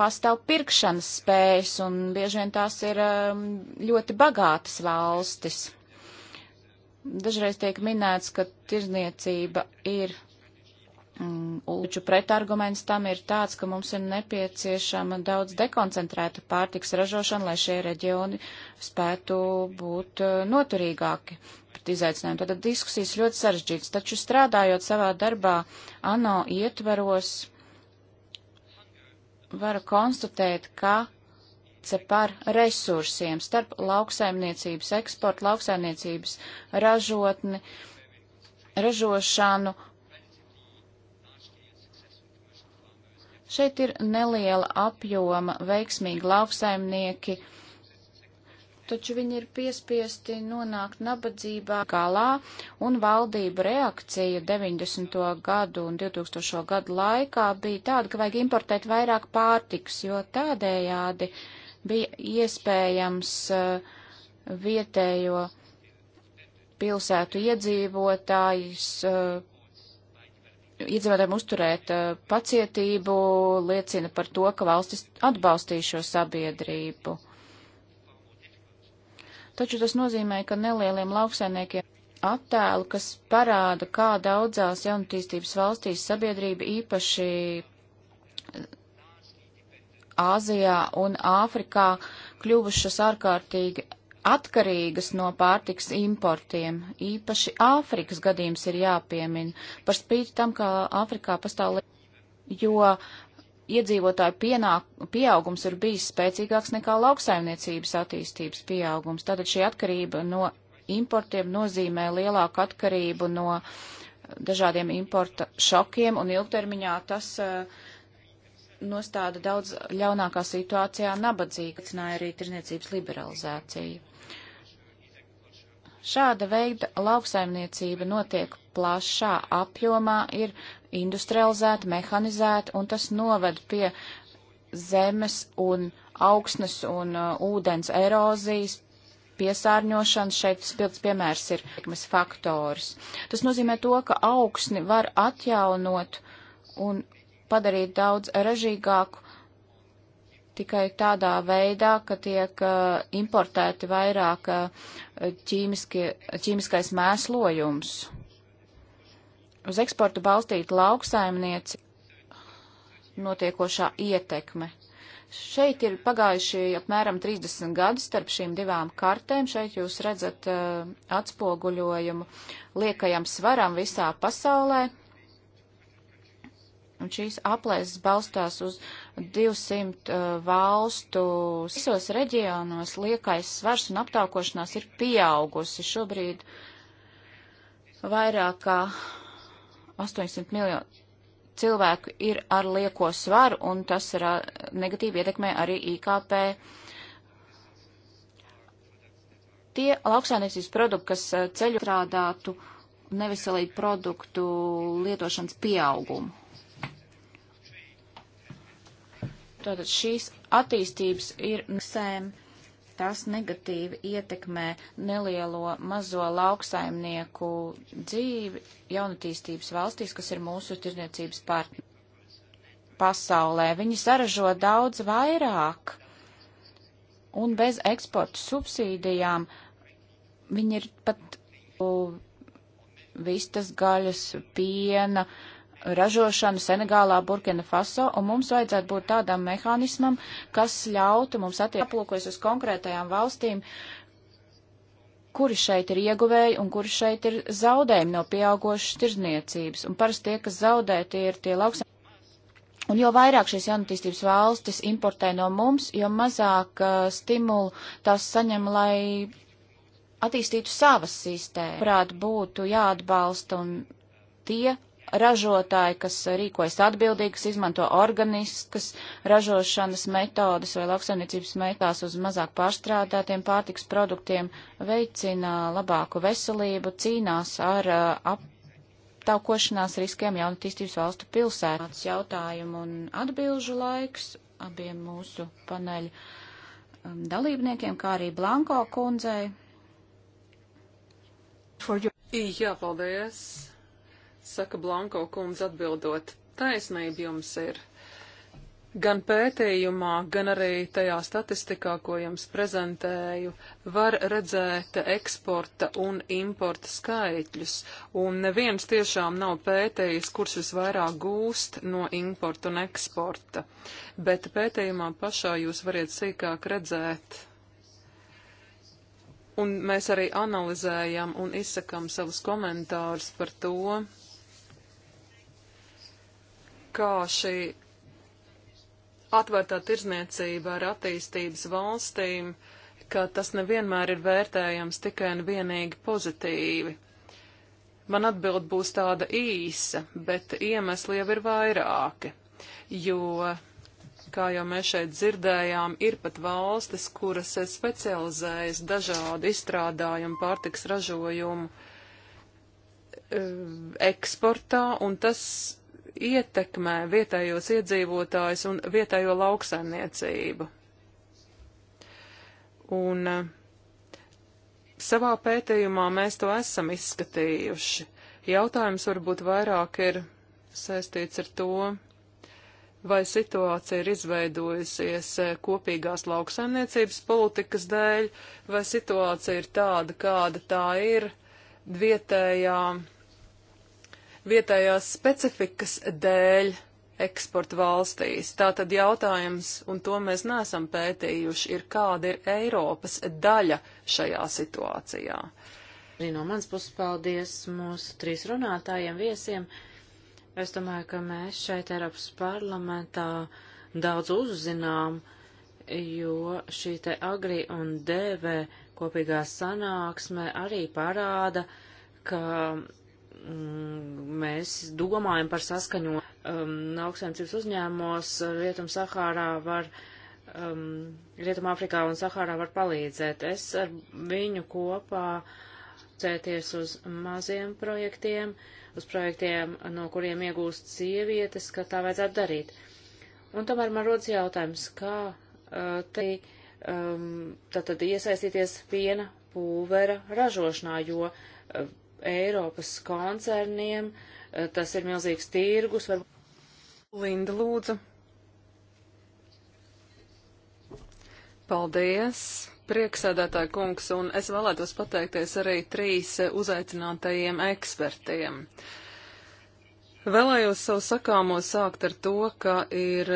pastāv pirkšanas spējas, un bieži vien tās ir um, ļoti bagātas valstis. Dažreiz tiek minēts, ka tirzniecība ir Mm, taču pretarguments tam ir tāds, ka mums ir nepieciešama daudz dekoncentrēta pārtiks ražošana, lai šie reģioni spētu būt eh, noturīgāki pret izaicinājumu. Tātad diskusijas ļoti sarežģītas, taču strādājot savā darbā ANO ietvaros, varu konstatēt, ka par resursiem starp lauksaimniecības eksportu, lauksaimniecības ražotni, ražošanu, uh, Šeit ir neliela apjoma veiksmīgi lauksaimnieki, taču viņi ir piespiesti nonākt nabadzībā galā, un valdība reakcija 90. gadu un 2000. gadu laikā bija tāda, ka vajag importēt vairāk pārtiks, jo tādējādi bija iespējams uh, vietējo pilsētu iedzīvotājs uh, iedzīvotājiem uzturēt eh, pacietību liecina par to, ka valstis atbalstīja šo sabiedrību. Taču tas nozīmē, ka nelieliem lauksainiekiem attēlu, kas parāda, kā daudzās jaunatīstības valstīs sabiedrība īpaši eh, Āzijā un Āfrikā kļuvušas ārkārtīgi atkarīgas no pārtiks importiem. Īpaši Āfrikas gadījums ir jāpiemina, par spīti tam, ka Āfrikā pastāv, jo iedzīvotāju pienāk, pieaugums ir bijis spēcīgāks nekā lauksaimniecības attīstības pieaugums. Tātad šī atkarība no importiem nozīmē lielāku atkarību no dažādiem importa šokiem, un ilgtermiņā tas uh, nostāda daudz ļaunākā situācijā nabadzīga, cināja arī tirniecības liberalizācija. Šāda veida lauksaimniecība notiek plašā apjomā, ir industrializēta, mehanizēta, un tas noved pie zemes un augsnes un uh, ūdens erozijas, piesārņošana, šeit spilts piemērs ir likmes faktors. Tas nozīmē to, ka augsni var atjaunot un padarīt daudz ražīgāku tikai tādā veidā, ka tiek uh, importēti vairāk uh, ķīmiskais mēslojums. Uz eksportu balstīta lauksaimnieci notiekošā ietekme. Šeit ir pagājuši apmēram 30 gadi starp šīm divām kartēm. Šeit jūs redzat uh, atspoguļojumu liekajam svaram visā pasaulē. Un šīs aplēses balstās uz 200 uh, valstu. Visos reģionos liekais svars un aptaukošanās ir pieaugusi. Šobrīd vairāk kā 800 miljonu cilvēku ir ar lieko svaru, un tas ir, negatīvi ietekmē arī IKP. Tie lauksainiecības produkti, kas uh, ceļu strādātu neveselīgu produktu lietošanas pieaugumu. Tātad šīs attīstības ir sēm. Tas negatīvi ietekmē nelielo mazo lauksaimnieku dzīvi jaunatīstības valstīs, kas ir mūsu tirniecības partneri pasaulē. Viņi saražo daudz vairāk un bez eksporta subsīdijām viņi ir pat vistas gaļas, piena, uh, ražošanu Senegālā, Burkina Faso, un mums vajadzētu būt tādam mehānismam, kas ļautu mums attiekties uz konkrētajām valstīm, kuri šeit ir ieguvēji un kuri šeit ir zaudējumi no pieaugošas tirzniecības. Un parasti tie, kas zaudē, tie ir tie lauksā. Un jo vairāk šīs jaunatīstības valstis importē no mums, jo mazāk uh, stimulu tās saņem, lai attīstītu savas sistēmas. Prāt, būtu jāatbalsta un tie ražotāji, kas rīkojas atbildīgas, izmanto organiskas ražošanas metodas vai lauksaimniecības metās uz mazāk pārstrādātiem pārtiks produktiem, veicina labāku veselību, cīnās ar uh, aptaukošanās riskiem jaunatīstības valstu pilsētas jautājumu un atbilžu laiks abiem mūsu paneļu um, dalībniekiem, kā arī Blanko kundzei. Jā, paldies! saka Blanko kundze atbildot. Taisnība jums ir. Gan pētījumā, gan arī tajā statistikā, ko jums prezentēju, var redzēt eksporta un importa skaitļus, un neviens tiešām nav pētījis, kurš visvairāk gūst no importa un eksporta. Bet pētījumā pašā jūs variet sīkāk redzēt un mēs arī analizējam un izsakam savus komentārus par to, kā šī atvērtā tirzniecība ar attīstības valstīm, ka tas nevienmēr ir vērtējams tikai un vienīgi pozitīvi. Man atbild būs tāda īsa, bet iemesli jau ir vairāki, jo, kā jau mēs šeit dzirdējām, ir pat valstis, kuras specializējas dažādu izstrādājumu pārtiks ražojumu eh, eksportā, un tas ietekmē vietējos iedzīvotājus un vietējo lauksaimniecību. Un eh, savā pētījumā mēs to esam izskatījuši. Jautājums varbūt vairāk ir saistīts ar to, vai situācija ir izveidojusies eh, kopīgās lauksaimniecības politikas dēļ, vai situācija ir tāda, kāda tā ir vietējām vietējās specifikas dēļ eksporta valstīs. Tātad jautājums, un to mēs neesam pētījuši, ir kāda ir Eiropas daļa šajā situācijā. Arī no mans puses paldies mūsu trīs runātājiem viesiem. Es domāju, ka mēs šeit Eiropas parlamentā daudz uzzinām, jo šī te agri un dēvē kopīgā sanāksme arī parāda, ka Mm, mēs domājam par saskaņo um, augstsensības uzņēmumos Rietum Sahārā var, um, Rietum Afrikā un Sahārā var palīdzēt. Es ar viņu kopā cēties uz maziem projektiem, uz projektiem, no kuriem iegūst sievietes, ka tā vajadzētu darīt. Un tomēr man rodas jautājums, kā uh, te um, tātad iesaistīties piena pulvera ražošanā, jo uh, Eiropas koncerniem. Eh, tas ir milzīgs tirgus. Var... Linda lūdzu. Paldies, prieksēdētāja kungs, un es vēlētos pateikties arī trīs uzaicinātajiem ekspertiem. Vēlējos savu sakāmo sākt ar to, ka ir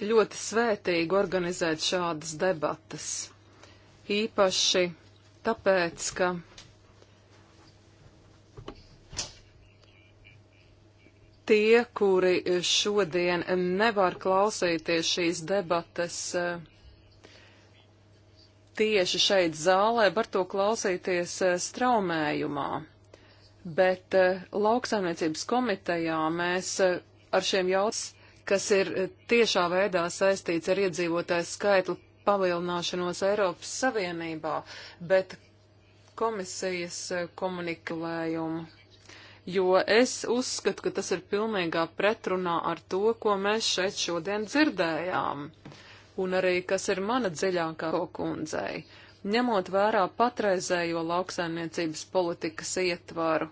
ļoti svētīgi organizēt šādas debatas. Īpaši tāpēc, ka tie, kuri šodien nevar klausīties šīs debates eh, tieši šeit zālē, var to klausīties eh, straumējumā. Bet eh, lauksaimniecības komitejā mēs ar šiem jautājumiem, kas ir tiešā veidā saistīts ar iedzīvotāju skaitli palielināšanos Eiropas Savienībā, bet komisijas komunikulējumu jo es uzskatu, ka tas ir pilnīgā pretrunā ar to, ko mēs šeit šodien dzirdējām, un arī kas ir mana dziļākā kundzei, ņemot vērā patreizējo lauksaimniecības politikas ietvaru.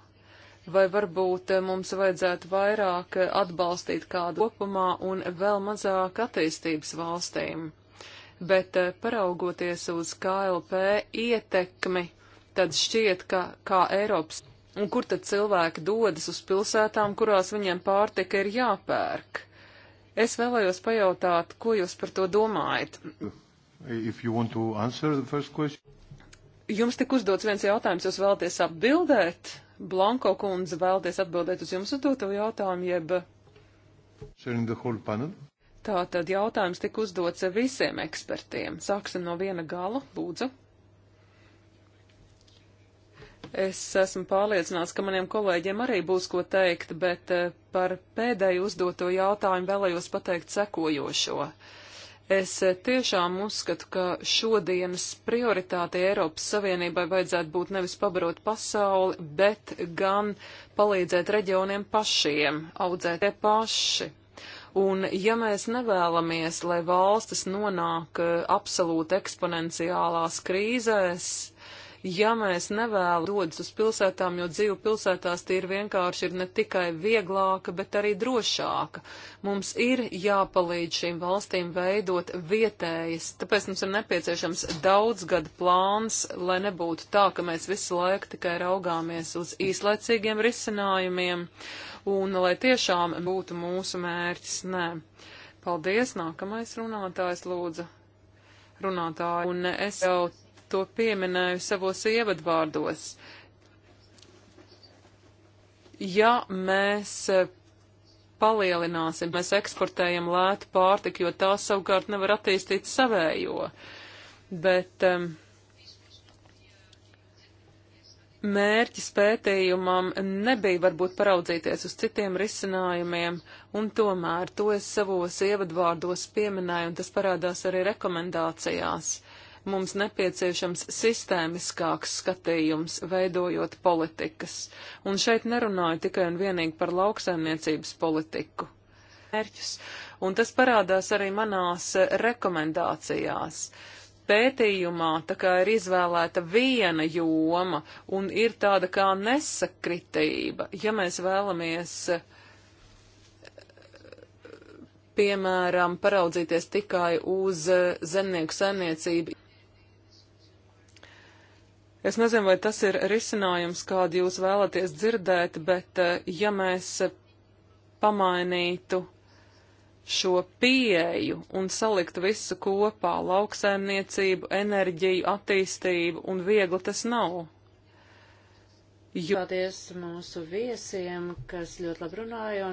Vai varbūt eh, mums vajadzētu vairāk eh, atbalstīt kādu kopumā un vēl mazāk attīstības valstīm? Bet eh, paraugoties uz KLP ietekmi, tad šķiet, ka kā Eiropas Un kur tad cilvēki dodas uz pilsētām, kurās viņiem pārtika ir jāpērk? Es vēlējos pajautāt, ko jūs par to domājat? Jums tik uzdots viens jautājums, jūs vēlaties atbildēt? Blanko kundze vēlaties atbildēt uz jums uzdoto jautājumu, jeb. Tā tad jautājums tika uzdots visiem ekspertiem. Sāksim no viena gala, lūdzu. Es esmu pārliecināts, ka maniem kolēģiem arī būs ko teikt, bet eh, par pēdēju uzdoto jautājumu vēlējos pateikt sekojošo. Es eh, tiešām uzskatu, ka šodienas prioritāte Eiropas Savienībai vajadzētu būt nevis pabarot pasauli, bet gan palīdzēt reģioniem pašiem, audzēt tie paši. Un ja mēs nevēlamies, lai valstis nonāk eh, absolūti eksponenciālās krīzēs, ja mēs nevēlu dodas uz pilsētām, jo dzīve pilsētās tīri vienkārši ir ne tikai vieglāka, bet arī drošāka. Mums ir jāpalīdz šīm valstīm veidot vietējas, tāpēc mums ir nepieciešams daudzgada plāns, lai nebūtu tā, ka mēs visu laiku tikai raugāmies uz īslaicīgiem risinājumiem un lai tiešām būtu mūsu mērķis. Nē. Paldies, nākamais runātājs lūdzu runātāju, un es jau to pieminēju savos ievadvārdos. Ja mēs e, palielināsim, mēs eksportējam lētu pārtiku, jo tā savukārt nevar attīstīt savējo, bet um, mērķis pētījumam nebija varbūt paraudzīties uz citiem risinājumiem, un tomēr to es savos ievadvārdos pieminēju, un tas parādās arī rekomendācijās. Mums nepieciešams sistēmiskāks skatījums, veidojot politikas. Un šeit nerunāju tikai un vienīgi par lauksaimniecības politiku. Mērķus. Un tas parādās arī manās rekomendācijās pētījumā tā kā ir izvēlēta viena joma un ir tāda kā nesakritība, ja mēs vēlamies, piemēram, paraudzīties tikai uz zemnieku saimniecību. Es nezinu, vai tas ir risinājums, kādu jūs vēlaties dzirdēt, bet eh, ja mēs pamainītu šo pieeju un saliktu visu kopā - lauksaimniecību, enerģiju, attīstību, un viegli tas nav. Paldies mūsu viesiem, kas ļoti labi runāja,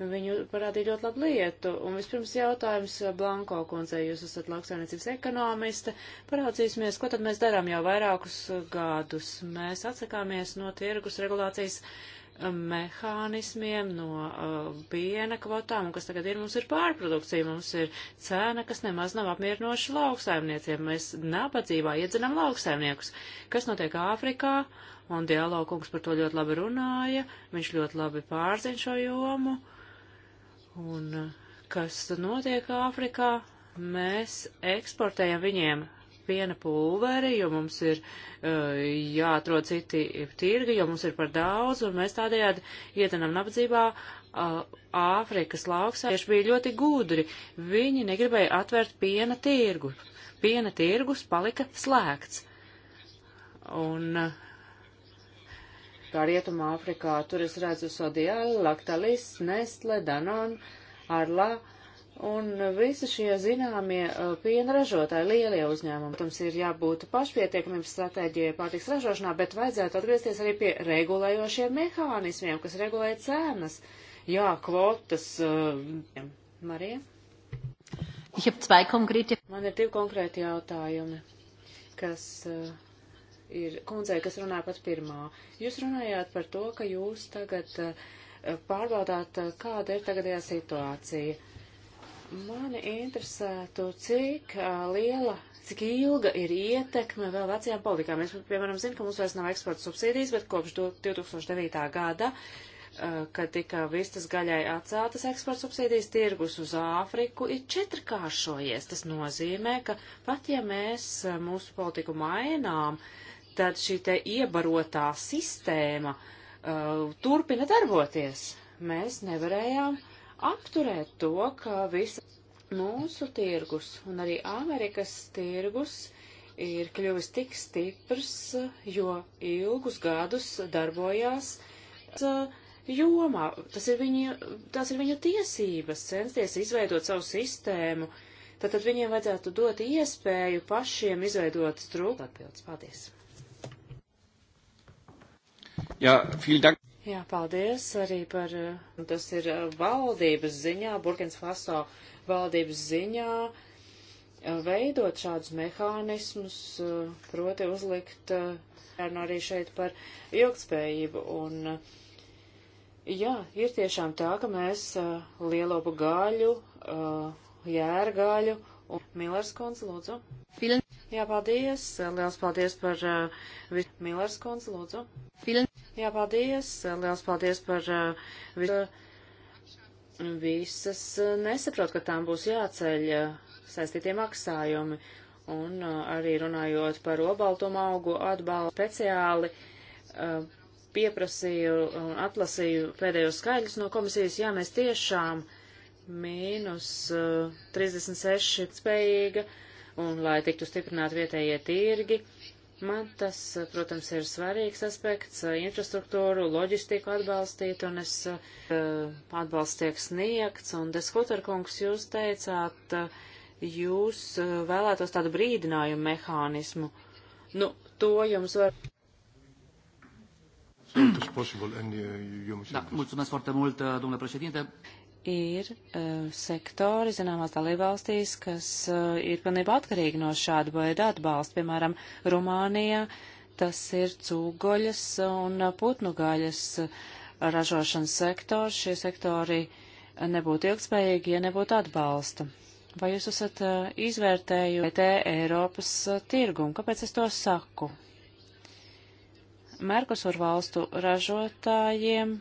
un viņu parādīja ļoti labu lietu. Un vispirms jautājums eh, Blanko kundzei, jūs esat lauksainiecības ekonomiste, parādzīsimies, ko tad mēs darām jau vairākus eh, gadus. Mēs atsakāmies no tirgus regulācijas eh, mehānismiem, no uh, piena kvotām, un kas tagad ir, mums ir pārprodukcija, mums ir cena, kas nemaz nav apmierinoša lauksaimnieciem. Mēs nabadzībā iedzinām lauksaimniekus. Kas notiek Āfrikā? Uh, un dialogungs par to ļoti labi runāja, viņš ļoti labi pārzina šo jomu, un eh, kas notiek Āfrikā, mēs eksportējam viņiem piena pulveri, jo mums ir uh, jāatrod citi tirgi, jo mums ir par daudz, un mēs tādējādi ietenam nabadzībā eh, Āfrikas uh, lauksā. Tieši bija ļoti gudri. Viņi negribēja atvērt piena tirgu. Piena tirgus palika slēgts. Un uh, kā Rietumā Afrikā. Tur es redzu Sodial, Lactalis, Nestle, Danon, Arla. Un visi šie zināmie uh, piena ražotāji, lielie uzņēmumi, protams, ir jābūt pašpietiekamiem stratēģijai pārtiks ražošanā, bet vajadzētu atgriezties arī pie regulējošiem mehānismiem, kas regulē cenas. Jā, kvotas. Uh, Marija? Man ir divi konkrēti jautājumi, kas uh, ir kundzei, kas runā pat pirmā. Jūs runājāt par to, ka jūs tagad eh, pārbaudāt, eh, kāda ir tagadējā situācija. Mani interesētu, cik uh, liela, cik ilga ir ietekme vēl vecajām politikām. Mēs, piemēram, zinām, ka mums vairs nav eksporta subsīdijas, bet kopš 2009. gada, uh, kad tika vistas gaļai atceltas eksporta subsīdijas, tirgus uz Āfriku ir četrkāršojies. Tas nozīmē, ka pat ja mēs uh, mūsu politiku mainām, uh, tad šī te iebarotā sistēma uh, turpina darboties. Mēs nevarējām apturēt to, ka visa mūsu tirgus un arī Amerikas tirgus ir kļuvis tik stiprs, jo ilgus gadus darbojās uh, jomā. Tas ir viņu, tas ir viņu tiesības censties izveidot savu sistēmu, tad, tad viņiem vajadzētu dot iespēju pašiem izveidot struktūru. Atbildes, paldies! Jā, vielen dank. Jā, paldies arī par, uh, tas ir uh, valdības ziņā, Burkins Faso valdības ziņā, uh, veidot šādus mehānismus, proti uzlikt nu, arī šeit par ilgspējību. Un, jā, ir tiešām tā, ka mēs lielopu gaļu, jērgaļu un Milers kundze, lūdzu. Vielen. Jā, paldies. Liels paldies par uh, visu. Milers kundze, lūdzu. Film. Jā, paldies. Liels paldies par uh, visu. Visas uh, nesaprot, ka tām būs jāceļ uh, saistītie maksājumi. Un uh, arī runājot par obaltumu augu atbalstu speciāli. Uh, pieprasīju un atlasīju pēdējos skaidrs no komisijas, jā, mēs tiešām mīnus uh, 36 spējīga uh, un lai tiktu stiprināti vietējie tirgi. Man tas, protams, ir svarīgs aspekts eh, - infrastruktūru, loģistiku atbalstīt, un es eh, atbalsts tiek sniegts, un Deskuterkungs, jūs teicāt, eh, jūs vēlētos tādu brīdinājumu mehānismu. Nu, to jums var. Da, mulțumesc foarte mult, domnule președinte ir uh, sektori zināmās dalībvalstīs, kas uh, ir pilnībā atkarīgi no šāda veida atbalsta. Piemēram, Rumānijā tas ir cūgoļas un eh, putnu gaļas ražošanas sektors. Šie sektori nebūtu ilgspējīgi, ja nebūtu atbalsta. Vai jūs esat uh, izvērtējuši te Eiropas uh, tirgumu? Kāpēc es to saku? Merkusur valstu ražotājiem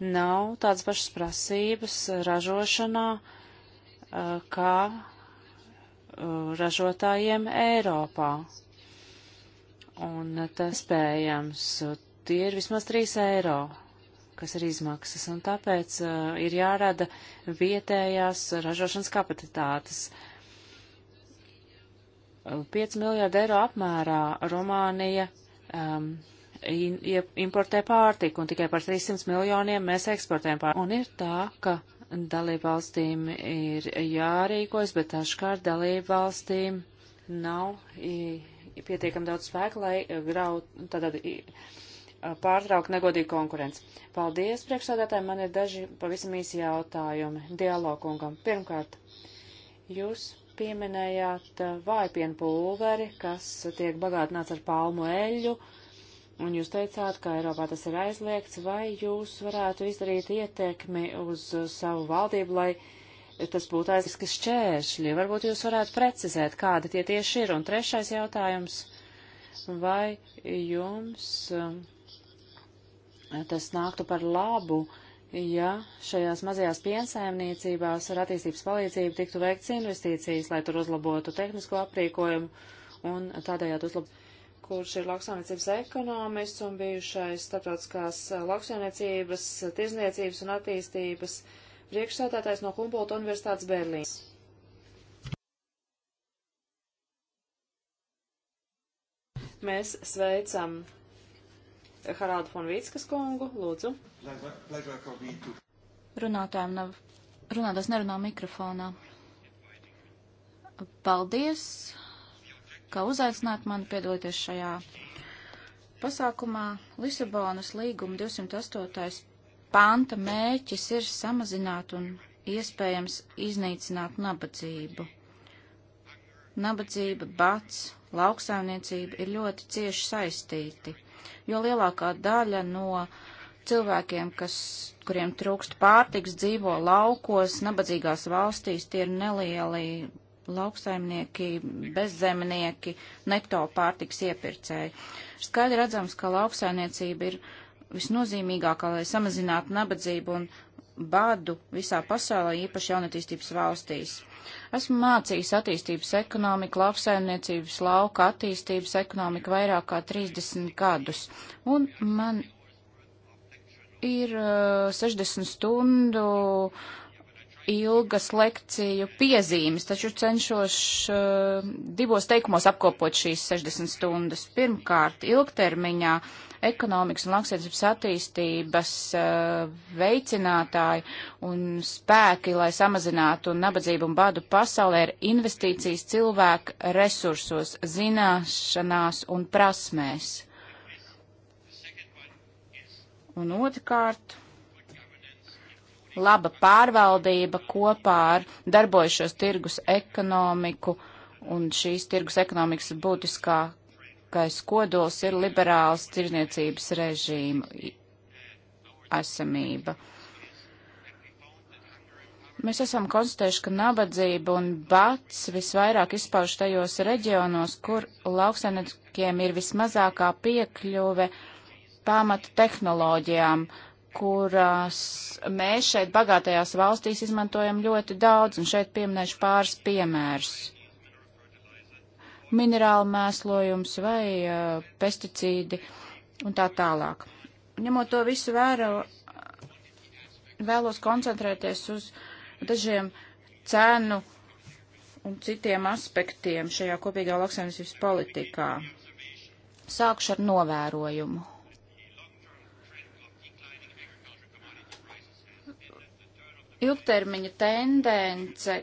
nav tādas pašas prasības ražošanā kā ražotājiem Eiropā. Un tas spējams, tie ir vismaz 3 eiro, kas ir izmaksas, un tāpēc ir jārada vietējās ražošanas kapacitātes. 5 miljārdu eiro apmērā Rumānija um, importē pārtiku, un tikai par 300 miljoniem mēs eksportējam pārtiku. Un ir tā, ka dalību valstīm ir jārīkojas, bet dažkārt dalību valstīm nav pietiekam daudz spēku, lai grau, tātad pārtraukt negodīgu konkurenci. Paldies, priekšsādātāji, man ir daži pavisam īsi jautājumi dialogungam. Pirmkārt, jūs pieminējāt uh, vājpienu pulveri, kas tiek bagātināts ar palmu eļļu. Uh, un jūs teicāt, ka Eiropā tas ir aizliegts, vai jūs varētu izdarīt ietekmi uz savu valdību, lai tas būtu aizliegts šķēršļi? Varbūt jūs varētu precizēt, kādi tie tieši ir. Un trešais jautājums, vai jums um, tas nāktu par labu, ja šajās mazajās piensaimniecībās ar attīstības palīdzību tiktu veikts investīcijas, lai tur uzlabotu tehnisko aprīkojumu un tādējādi uzlabotu kurš ir lauksaimniecības ekonomists un bijušais starptautiskās eh, lauksaimniecības, eh, tirzniecības un attīstības priekšsādātājs no Humboldt Universitātes Berlīnas. Mēs sveicam Haraldu Fonvītskas kungu, lūdzu. Runātājiem nav, runātājs nerunā mikrofonā. Paldies! ka uzaicināt mani piedalīties šajā pasākumā. Lisabonas līguma 208. panta mēķis ir samazināt un iespējams iznīcināt nabadzību. Nabadzība, bats, lauksaimniecība ir ļoti cieši saistīti, jo lielākā daļa no cilvēkiem, kas, kuriem trūkst pārtiks, dzīvo laukos, nabadzīgās valstīs, tie ir nelieli lauksaimnieki, bezzemnieki, neto pārtiks iepircēji. Skaidri redzams, ka lauksaimniecība ir visnozīmīgākā, lai samazinātu nabadzību un badu visā pasaulē, īpaši jaunatīstības valstīs. Esmu mācījis attīstības ekonomiku, lauksaimniecības lauka attīstības ekonomiku vairāk kā 30 gadus, un man ir uh, eh, 60 stundu uh, ilgas lekciju piezīmes, taču cenšos uh, divos teikumos apkopot šīs 60 stundas. Pirmkārt, ilgtermiņā ekonomikas un lauksainicības attīstības uh, veicinātāji un spēki, lai samazinātu nabadzību un badu pasaulē, ir investīcijas cilvēku resursos, zināšanās un prasmēs. Un otrkārt, laba pārvaldība kopā ar darbojušos tirgus ekonomiku, un šīs tirgus ekonomikas būtiskākais kodols ir liberāls tirzniecības režīmu esamība. Mēs esam konstatējuši, ka nabadzība un bats visvairāk izpauž tajos reģionos, kur lauksainiekiem ir vismazākā piekļuve pamata tehnoloģijām, uh, kurās mēs šeit bagātajās valstīs izmantojam ļoti daudz, un šeit pieminēšu pāris piemērus. Minerāla mēslojums vai uh, pesticīdi un tā tālāk. Ņemot to visu vērā, vēlos koncentrēties uz dažiem cēnu un citiem aspektiem šajā kopīgā lauksaimniecības politikā. Sākšu ar novērojumu. ilgtermiņa tendence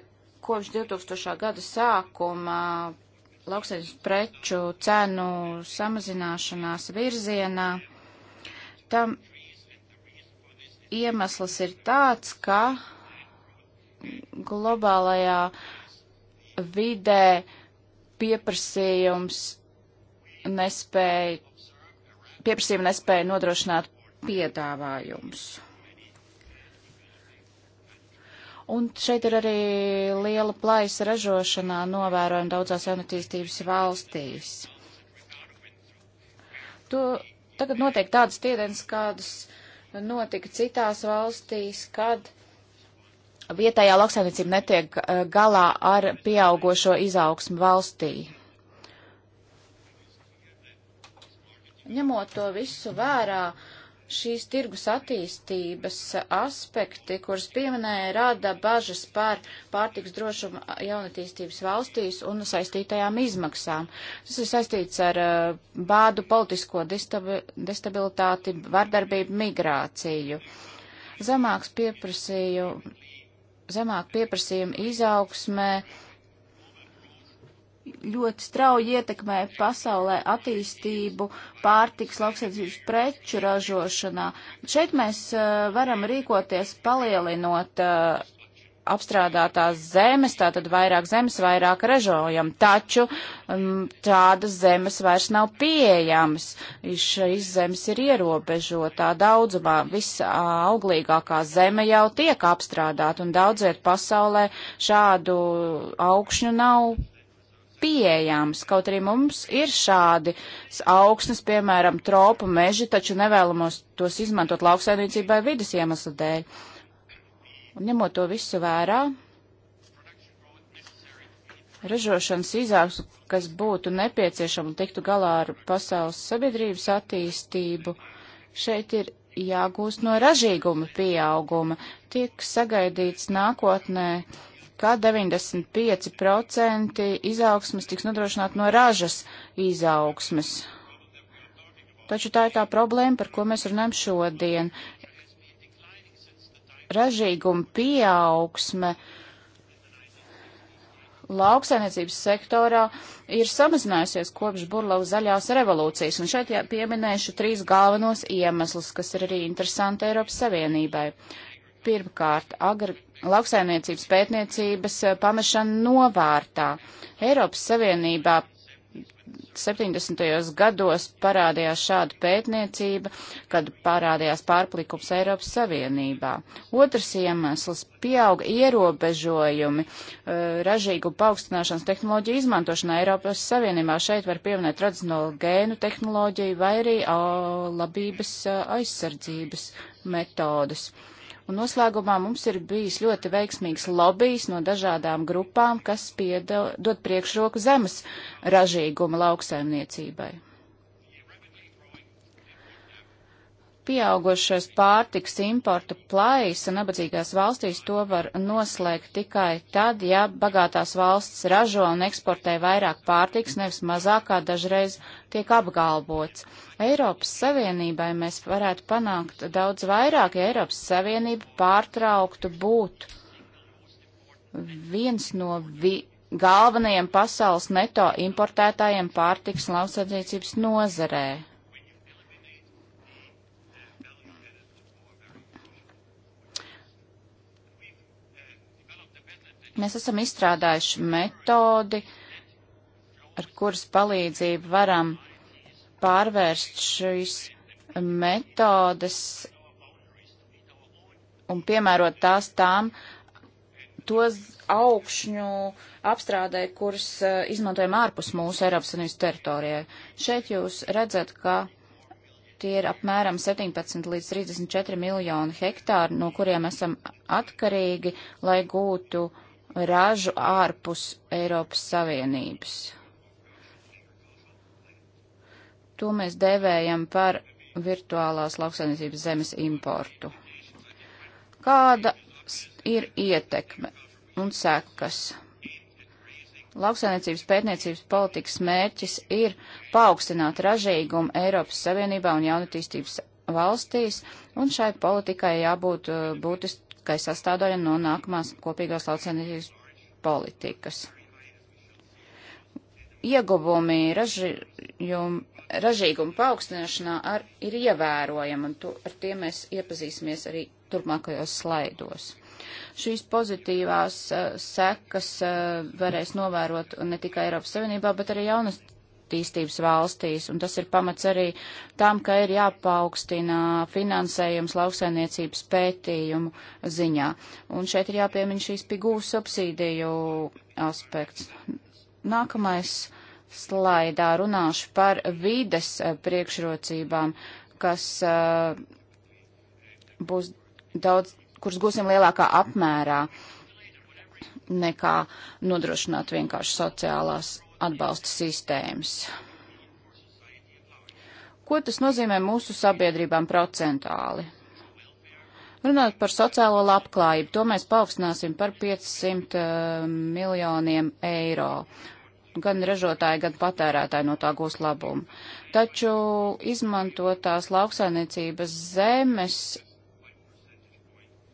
kopš 2000. gada sākuma lauksaimnes preču cenu samazināšanās virzienā. Tam iemesls ir tāds, ka globālajā vidē pieprasījums nespēja, pieprasījuma nespēja nodrošināt piedāvājums. Un šeit ir arī liela plaisa ražošanā novērojama daudzās jaunatīstības valstīs. To tagad notiek tādas tiedens, kādas notika citās valstīs, kad vietējā lauksaimniecība netiek eh, galā ar pieaugošo izaugsmu valstī. Ņemot to visu vērā, uh, šīs tirgus attīstības aspekti, kurus pieminēja, rada bažas par pārtiks drošumu jaunatīstības valstīs un saistītajām izmaksām. Tas ir saistīts ar uh, bādu politisko destabilitāti, vardarbību, migrāciju. Zemāks pieprasīju, zemāk pieprasījuma izaugsmē ļoti strauji ietekmē pasaulē attīstību pārtiks lauksaimniecības preču ražošanā. Šeit mēs uh, varam rīkoties palielinot uh, apstrādātās zemes, tātad vairāk zemes, vairāk ražojam, taču um, tādas zemes vairs nav pieejamas. Šīs zemes ir ierobežotā daudzumā. Visa auglīgākā zeme jau tiek apstrādāta, un daudziet pasaulē šādu augšņu nav pieejams, kaut arī mums ir šādi augsnes, piemēram, tropu meži, taču nevēlamos tos izmantot lauksainīcībai vidas iemeslu dēļ. Un ņemot to visu vērā, ražošanas izaugs, kas būtu nepieciešama un tiktu galā ar pasaules sabiedrības attīstību, šeit ir jāgūst no ražīguma pieauguma, tiek sagaidīts nākotnē ka 95% izaugsmes tiks nodrošināt no ražas izaugsmes. Taču tā ir tā problēma, par ko mēs runājam šodien. Ražīguma pieaugsme lauksainiecības sektorā ir samazinājusies kopš burlavu zaļās revolūcijas, un šeit pieminēšu trīs galvenos iemeslus, kas ir arī interesanti Eiropas Savienībai. Pirmkārt, agri, lauksaimniecības pētniecības eh, pamešana novārtā. Eiropas Savienībā 70. gados parādījās šāda pētniecība, kad parādījās pārplikums Eiropas Savienībā. Otrs iemesls - pieauga ierobežojumi eh, ražīgu paaugstināšanas tehnoloģiju izmantošanā Eiropas Savienībā. Šeit var pieminēt tradicionālu gēnu tehnoloģiju vai arī o, labības eh, aizsardzības metodas. Uh, Un noslēgumā mums ir bijis ļoti veiksmīgs lobijs no dažādām grupām, kas piedod, dod priekšroku zemes ražīguma lauksaimniecībai. Pieaugušais pārtiks importa plaisa nabadzīgās valstīs to var noslēgt tikai tad, ja bagātās valsts ražo un eksportē vairāk pārtiks, nevis mazākā dažreiz tiek apgalvots. Eiropas Savienībai mēs varētu panākt daudz vairāk, ja Eiropas Savienība pārtrauktu būt viens no vi galvenajiem pasaules neto importētājiem pārtiks un lauksaimniecības nozarē. Mēs esam izstrādājuši metodi, ar kuras palīdzību varam pārvērst šīs metodas un piemērot tās tām, tos augšņu apstrādē, kuras uh, izmantojam ārpus mūsu Eiropas Unības teritorijai. Šeit jūs redzat, ka tie ir apmēram 17 līdz 34 miljoni hektāri, no kuriem esam atkarīgi, lai gūtu uh, ražu ārpus Eiropas Savienības. To mēs dēvējam par virtuālās lauksaimniecības zemes importu. Kāda ir ietekme un sekas? Lauksaimniecības pētniecības politikas mērķis ir paaugstināt ražīgumu Eiropas Savienībā un jaunatīstības valstīs, un šai politikai jābūt eh, būtis, tikai sastāvdaļa no nākamās kopīgās lauksainības politikas. Ieguvumi ražījum, ražīguma paaugstināšanā ar, ir ievērojami, un to, ar tiem mēs iepazīsimies arī turpmākajos slaidos. Šīs pozitīvās uh, sekas uh, varēs novērot ne tikai Eiropas Savienībā, bet arī jaunas attīstības valstīs, un tas ir pamats arī tam, ka ir jāpaukstina finansējums lauksainiecības pētījumu ziņā. Un šeit ir jāpiemin šīs pigūs subsīdiju aspekts. Nākamais slaidā runāšu par vides eh, priekšrocībām, kas uh, būs daudz, kuras gūsim lielākā apmērā nekā nodrošināt vienkārši sociālās atbalsta sistēmas. Ko tas nozīmē mūsu sabiedrībām procentāli? Runājot par sociālo labklājību, to mēs paaugstināsim par 500 uh, eh, miljoniem eiro. Gan ražotāji, gan patērētāji no tā gūs labumu. Taču izmantotās lauksainiecības zemes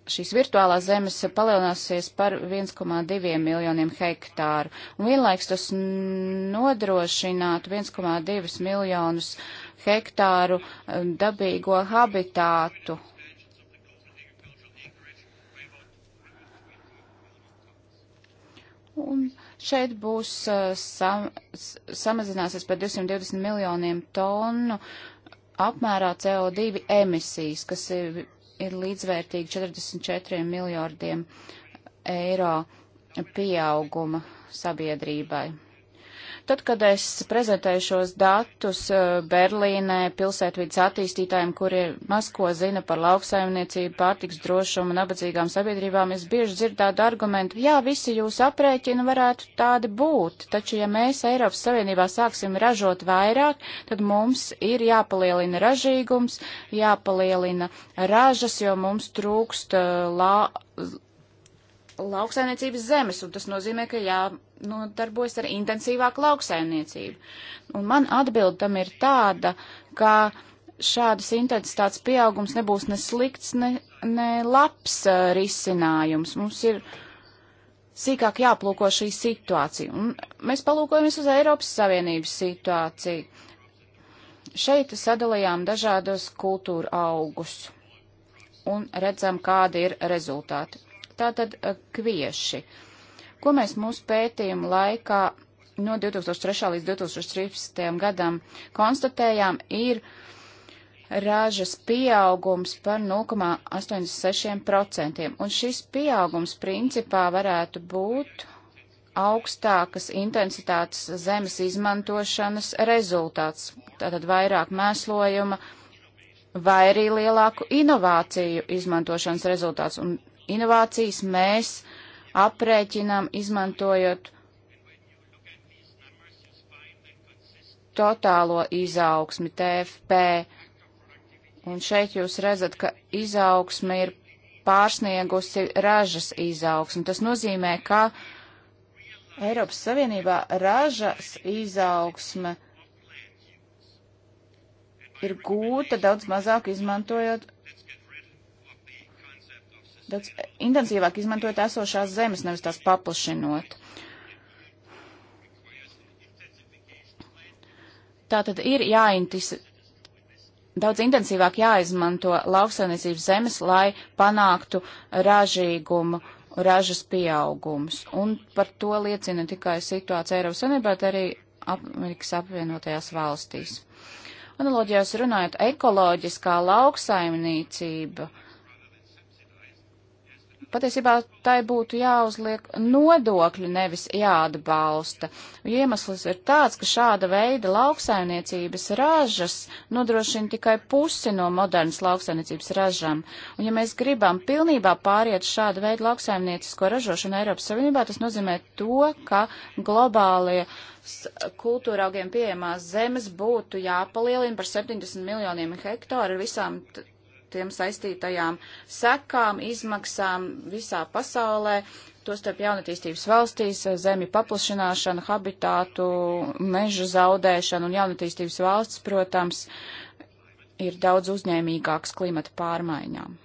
šīs virtuālās zemes palielināsies par 1,2 miljoniem hektāru. Un vienlaiks tas nodrošinātu 1,2 miljonus hektāru um, dabīgo habitātu. Un šeit būs uh, sam, samazināsies par 220 miljoniem tonu apmērā CO2 emisijas, kas ir ir līdzvērtīgi 44 miljārdiem eiro pieauguma sabiedrībai. Tad, kad es prezentēju šos datus eh, Berlīnē pilsētvidas attīstītājiem, kuri maz ko zina par lauksaimniecību, pārtiks drošumu, nabadzīgām sabiedrībām, es bieži dzirdētu argumentu, jā, visi jūs aprēķini varētu tādi būt, taču ja mēs Eiropas Savienībā sāksim ražot vairāk, tad mums ir jāpalielina ražīgums, jāpalielina ražas, jo mums trūkst eh, la lauksainiecības zemes, un tas nozīmē, ka jā nodarbojas nu, ar intensīvāku lauksaimniecību. Un man atbild tam ir tāda, ka šādas intensitātes pieaugums nebūs ne slikts, ne, ne labs uh, risinājums. Mums ir sīkāk jāplūko šī situācija. Un mēs palūkojamies uz Eiropas Savienības situāciju. Šeit sadalījām dažādos kultūra augus un redzam, kādi ir rezultāti. Tātad uh, kvieši. Uh, Ko mēs mūsu pētījumu laikā no 2003. līdz 2013. gadam konstatējām, ir ražas pieaugums par 0,86%, un šis pieaugums principā varētu būt augstākas intensitātes zemes izmantošanas rezultāts, tātad vairāk mēslojuma vai arī lielāku inovāciju izmantošanas rezultāts, un inovācijas mēs uh, aprēķinam, izmantojot totālo izaugsmi TFP. Un šeit jūs redzat, ka izaugsme ir pārsniegusi ražas izaugsmi. Tas nozīmē, ka Eiropas Savienībā ražas izaugsme ir gūta daudz mazāk izmantojot daudz intensīvāk izmantot esošās zemes, nevis tās paplašinot. Tātad ir jāintis, daudz intensīvāk jāizmanto lauksainiecības zemes, lai panāktu ražīgumu, ražas pieaugums. Un par to liecina tikai situācija Eiropas Savienībā, bet arī Amerikas Apvienotajās valstīs. Analoģijās runājot, ekoloģiskā lauksaimniecība – Patiesībā tai būtu jāuzliek nodokļi, nevis jāatbalsta. Iemesls ir tāds, ka šāda veida lauksaimniecības ražas nodrošina tikai pusi no modernas lauksaimniecības ražām. Un ja mēs gribam pilnībā pāriet šāda veida lauksaimniecisko ražošanu Eiropas Savienībā, tas nozīmē to, ka globālie kultūra augiem pieejamās zemes būtu jāpalielina par 70 miljoniem hektāru ar visām tiem saistītajām sekām, izmaksām visā pasaulē, tostarp jaunatīstības valstīs, zemi paplašināšana, habitātu, mežu zaudēšana un jaunatīstības valsts, protams, ir daudz uzņēmīgāks klimata pārmaiņām.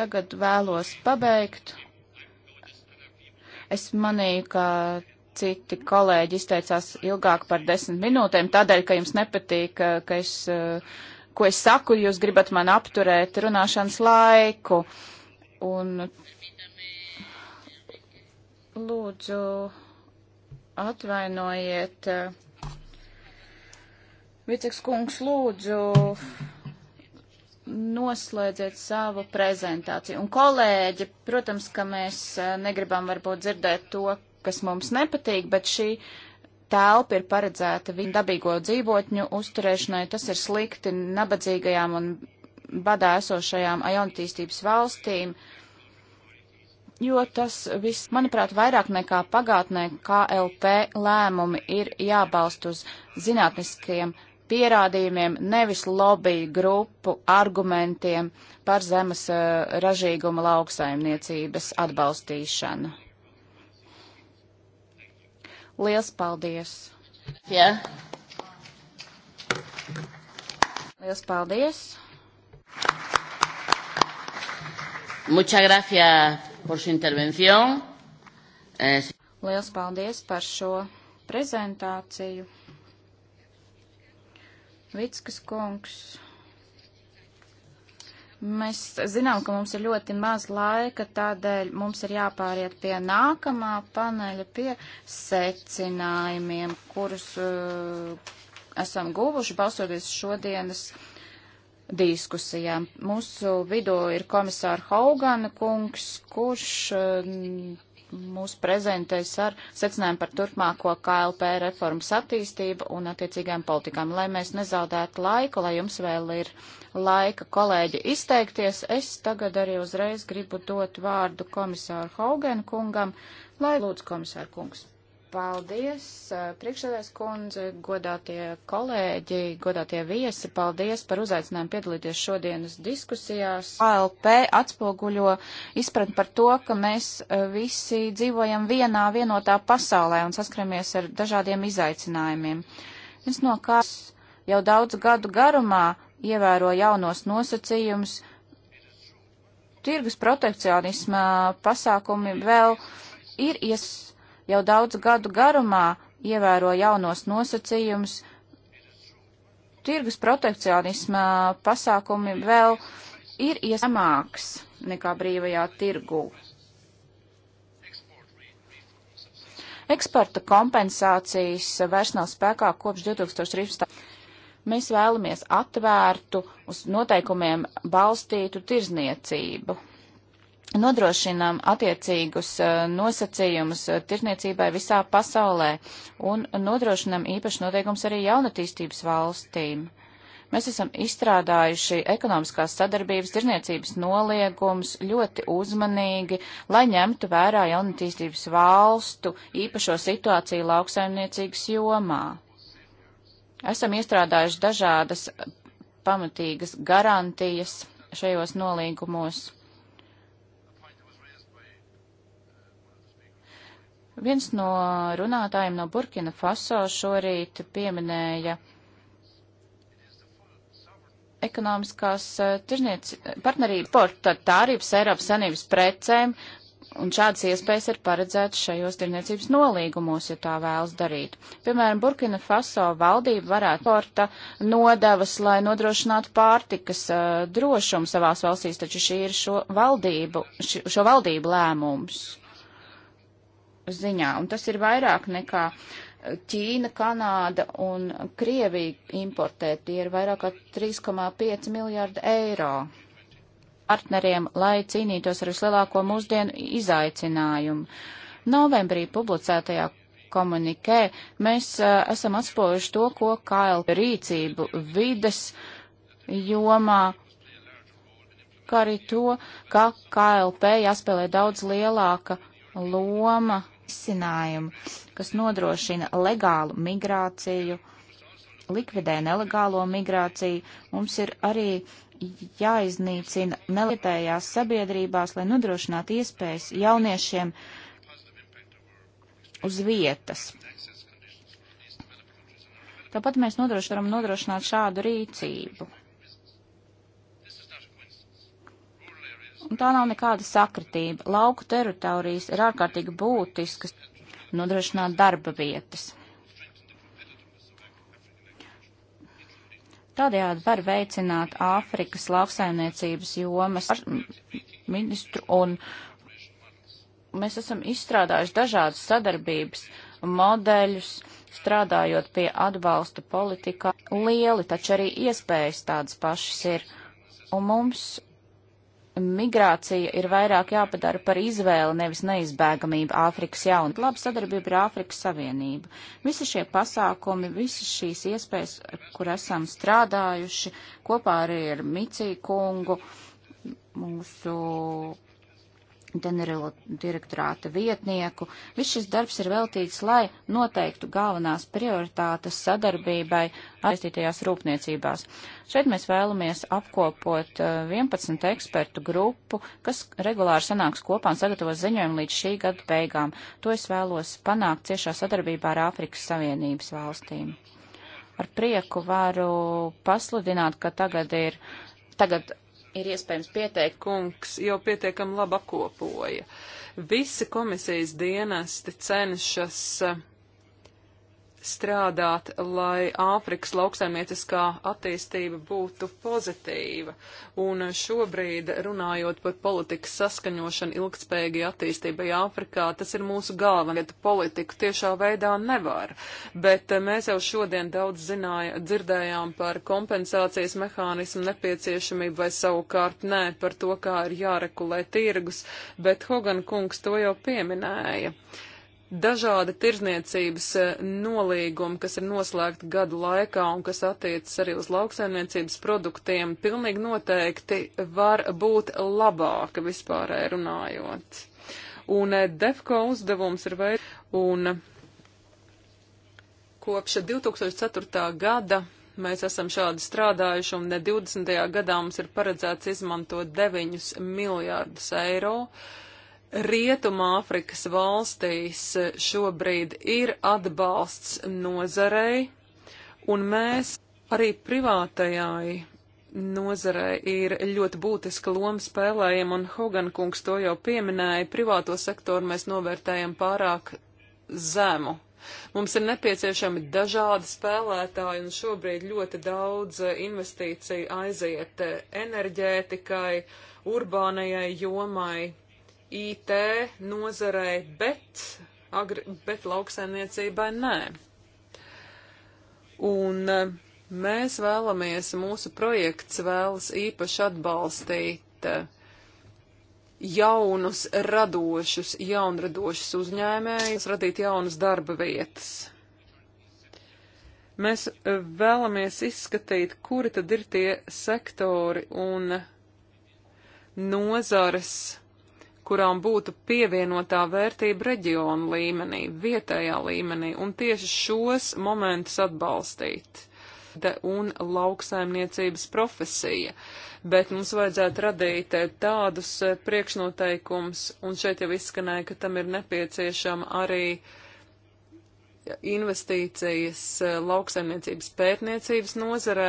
Tagad vēlos pabeigt. Es manīju, ka citi kolēģi izteicās ilgāk par desmit minūtēm, tādēļ, ka jums nepatīk, eh, ka es, eh, ko es saku, jūs gribat man apturēt runāšanas laiku. Un lūdzu, atvainojiet. Eh, Viceks kungs, lūdzu, noslēdziet savu prezentāciju. Un kolēģi, protams, ka mēs negribam varbūt dzirdēt to, kas mums nepatīk, bet šī telpa ir paredzēta viņu dabīgo dzīvotņu uzturēšanai. Tas ir slikti nabadzīgajām un badā esošajām ajontīstības valstīm, jo tas viss, manuprāt, vairāk nekā pagātnē KLP lēmumi ir jābalst uz zinātniskajiem pierādījumiem, nevis lobby grupu argumentiem par zemes uh, ražīguma lauksaimniecības atbalstīšanu. Liels paldies! Jā. Liels paldies! Muchas gracias por su intervención. Es... Eh, Liels paldies par šo prezentāciju. Vickas kungs. Mēs zinām, ka mums ir ļoti maz laika, tādēļ mums ir jāpāriet pie nākamā paneļa, pie secinājumiem, kurus uh, esam guvuši balsoties šodienas diskusijām. Mūsu vidū ir komisāra Haugana kungs, kurš uh, mūs prezentēs ar secinājumu par turpmāko KLP reformas attīstību un attiecīgajām politikām. Lai mēs nezaudētu laiku, lai jums vēl ir laika kolēģi izteikties, es tagad arī uzreiz gribu dot vārdu komisāru Haugen kungam, lai lūdzu komisāru kungs. Paldies, eh, priekšsēdājs kundze, godātie kolēģi, godātie viesi, paldies par uzaicinājumu piedalīties šodienas diskusijās. ALP atspoguļo izpratni par to, ka mēs eh, visi dzīvojam vienā vienotā pasaulē un saskaramies ar dažādiem izaicinājumiem. Es no kās jau daudz gadu garumā ievēro jaunos nosacījumus, tirgus protekcionisma pasākumi vēl ir ies jau daudz gadu garumā ievēro jaunos nosacījumus. Tirgus protekcionisma pasākumi vēl ir iesamāks nekā brīvajā tirgū. Eksporta kompensācijas vairs nav spēkā kopš 2013. Mēs vēlamies atvērtu uz noteikumiem balstītu tirzniecību nodrošinām attiecīgus eh, nosacījumus eh, tirniecībai visā pasaulē un nodrošinām īpaši noteikums arī jaunatīstības valstīm. Mēs esam izstrādājuši ekonomiskās sadarbības tirniecības noliegums ļoti uzmanīgi, lai ņemtu vērā jaunatīstības valstu īpašo situāciju lauksaimniecības jomā. Esam iestrādājuši dažādas pamatīgas garantijas šajos nolīgumos Viens no runātājiem no Burkina Faso šorīt pieminēja ekonomiskās eh, partnerības portārības Eiropas Sanības precēm, un šādas iespējas ir paredzētas šajos tirniecības nolīgumos, ja tā vēlas darīt. Piemēram, Burkina Faso valdība varētu porta nodevas, lai nodrošinātu pārtikas uh, drošumu savās valstīs, taču šī ir šo valdību, ši, šo valdību lēmums ziņā, un tas ir vairāk nekā Ķīna, Kanāda un Krievija importē, tie ir vairāk kā 3,5 miljārdi eiro partneriem, lai cīnītos ar vislielāko mūsdienu izaicinājumu. Novembrī publicētajā komunikē mēs uh, esam atspojuši to, ko KLP rīcību vides jomā kā arī to, ka KLP jāspēlē daudz lielāka loma izcinājumu, kas nodrošina legālu migrāciju, likvidē nelegālo migrāciju. Mums ir arī jāiznīcina nelietējās sabiedrībās, lai nodrošinātu iespējas jauniešiem uz vietas. Tāpat mēs nodrošinām nodrošināt šādu rīcību. un tā nav nekāda sakritība. Lauku teritorijas ir ārkārtīgi būtiskas nodrošināt darba vietas. Tādējādi var veicināt Āfrikas lauksaimniecības jomas ministru un mēs esam izstrādājuši dažādas sadarbības modeļus, strādājot pie atbalsta politikā. Lieli, taču arī iespējas tādas pašas ir. Un mums migrācija ir vairāk jāpadara par izvēli, nevis neizbēgamību Āfrikas jaunu. Labi sadarbība ar Āfrikas Savienību. Visi šie pasākumi, visas šīs iespējas, kur esam strādājuši kopā arī ar Micī kungu, mūsu ģenerāla direktorāta vietnieku. Viss šis darbs ir veltīts, lai noteiktu galvenās prioritātes sadarbībai aizstītajās rūpniecībās. Šeit mēs vēlamies apkopot 11 eh, ekspertu grupu, kas regulāri sanāks kopā un sagatavos ziņojumu līdz šī gada beigām. To es vēlos panākt ciešā sadarbībā ar Āfrikas Savienības valstīm. Ar prieku varu pasludināt, ka tagad ir tagad ir iespējams pieteikt, kungs jau pietiekam labi apkopoja. Visi komisijas dienesti cenšas uh, strādāt, lai Āfrikas lauksaimnieciskā attīstība būtu pozitīva. Un šobrīd, runājot par politikas saskaņošanu ilgtspējīgai attīstībai Āfrikā, tas ir mūsu galvenā lieta. Politiku tiešā veidā nevar. Bet eh, mēs jau šodien daudz zināja, dzirdējām par kompensācijas mehānismu nepieciešamību vai savukārt nē par to, kā ir jārekulē tirgus. Bet Hogan kungs to jau pieminēja. Uh, dažādi tirzniecības eh, nolīgumi, kas ir noslēgti gadu laikā un kas attiecas arī uz lauksaimniecības produktiem, pilnīgi noteikti var būt labāka vispārēji runājot. Un eh, DEFCO uzdevums ir veids, un kopš 2004. gada mēs esam šādi strādājuši, un 20. gadā mums ir paredzēts izmantot 9 miljārdus eiro. Uh, Rietumāfrikas valstīs šobrīd ir atbalsts nozarei, un mēs arī privātajai nozarei ir ļoti būtiska loma spēlējama, un Hogankungs to jau pieminēja, privāto sektoru mēs novērtējam pārāk zemu. Mums ir nepieciešami dažādi spēlētāji, un šobrīd ļoti daudz investīciju aiziet enerģētikai, urbānajai jomai. IT nozarei, bet, agri, bet lauksaimniecībai nē. Un eh, mēs vēlamies, mūsu projekts vēlas īpaši atbalstīt eh, jaunus radošus, jaunradošus uzņēmējus, radīt jaunas darba vietas. Mēs eh, vēlamies izskatīt, kuri tad ir tie sektori un nozares, kurām būtu pievienotā vērtība reģionu līmenī, vietējā līmenī, un tieši šos momentus atbalstīt un lauksaimniecības profesija. Bet mums vajadzētu radīt eh, tādus eh, priekšnoteikums, un šeit jau izskanēja, ka tam ir nepieciešama arī investīcijas eh, lauksaimniecības pētniecības nozarē.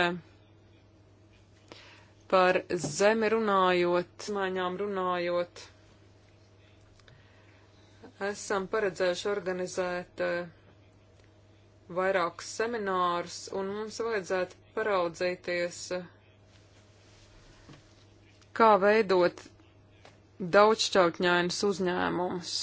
Par zemi runājot, maiņām runājot, esam paredzējuši organizēt eh, vairākus seminārus, un mums vajadzētu paraudzīties, eh, kā veidot daudzšķautņainus uzņēmumus.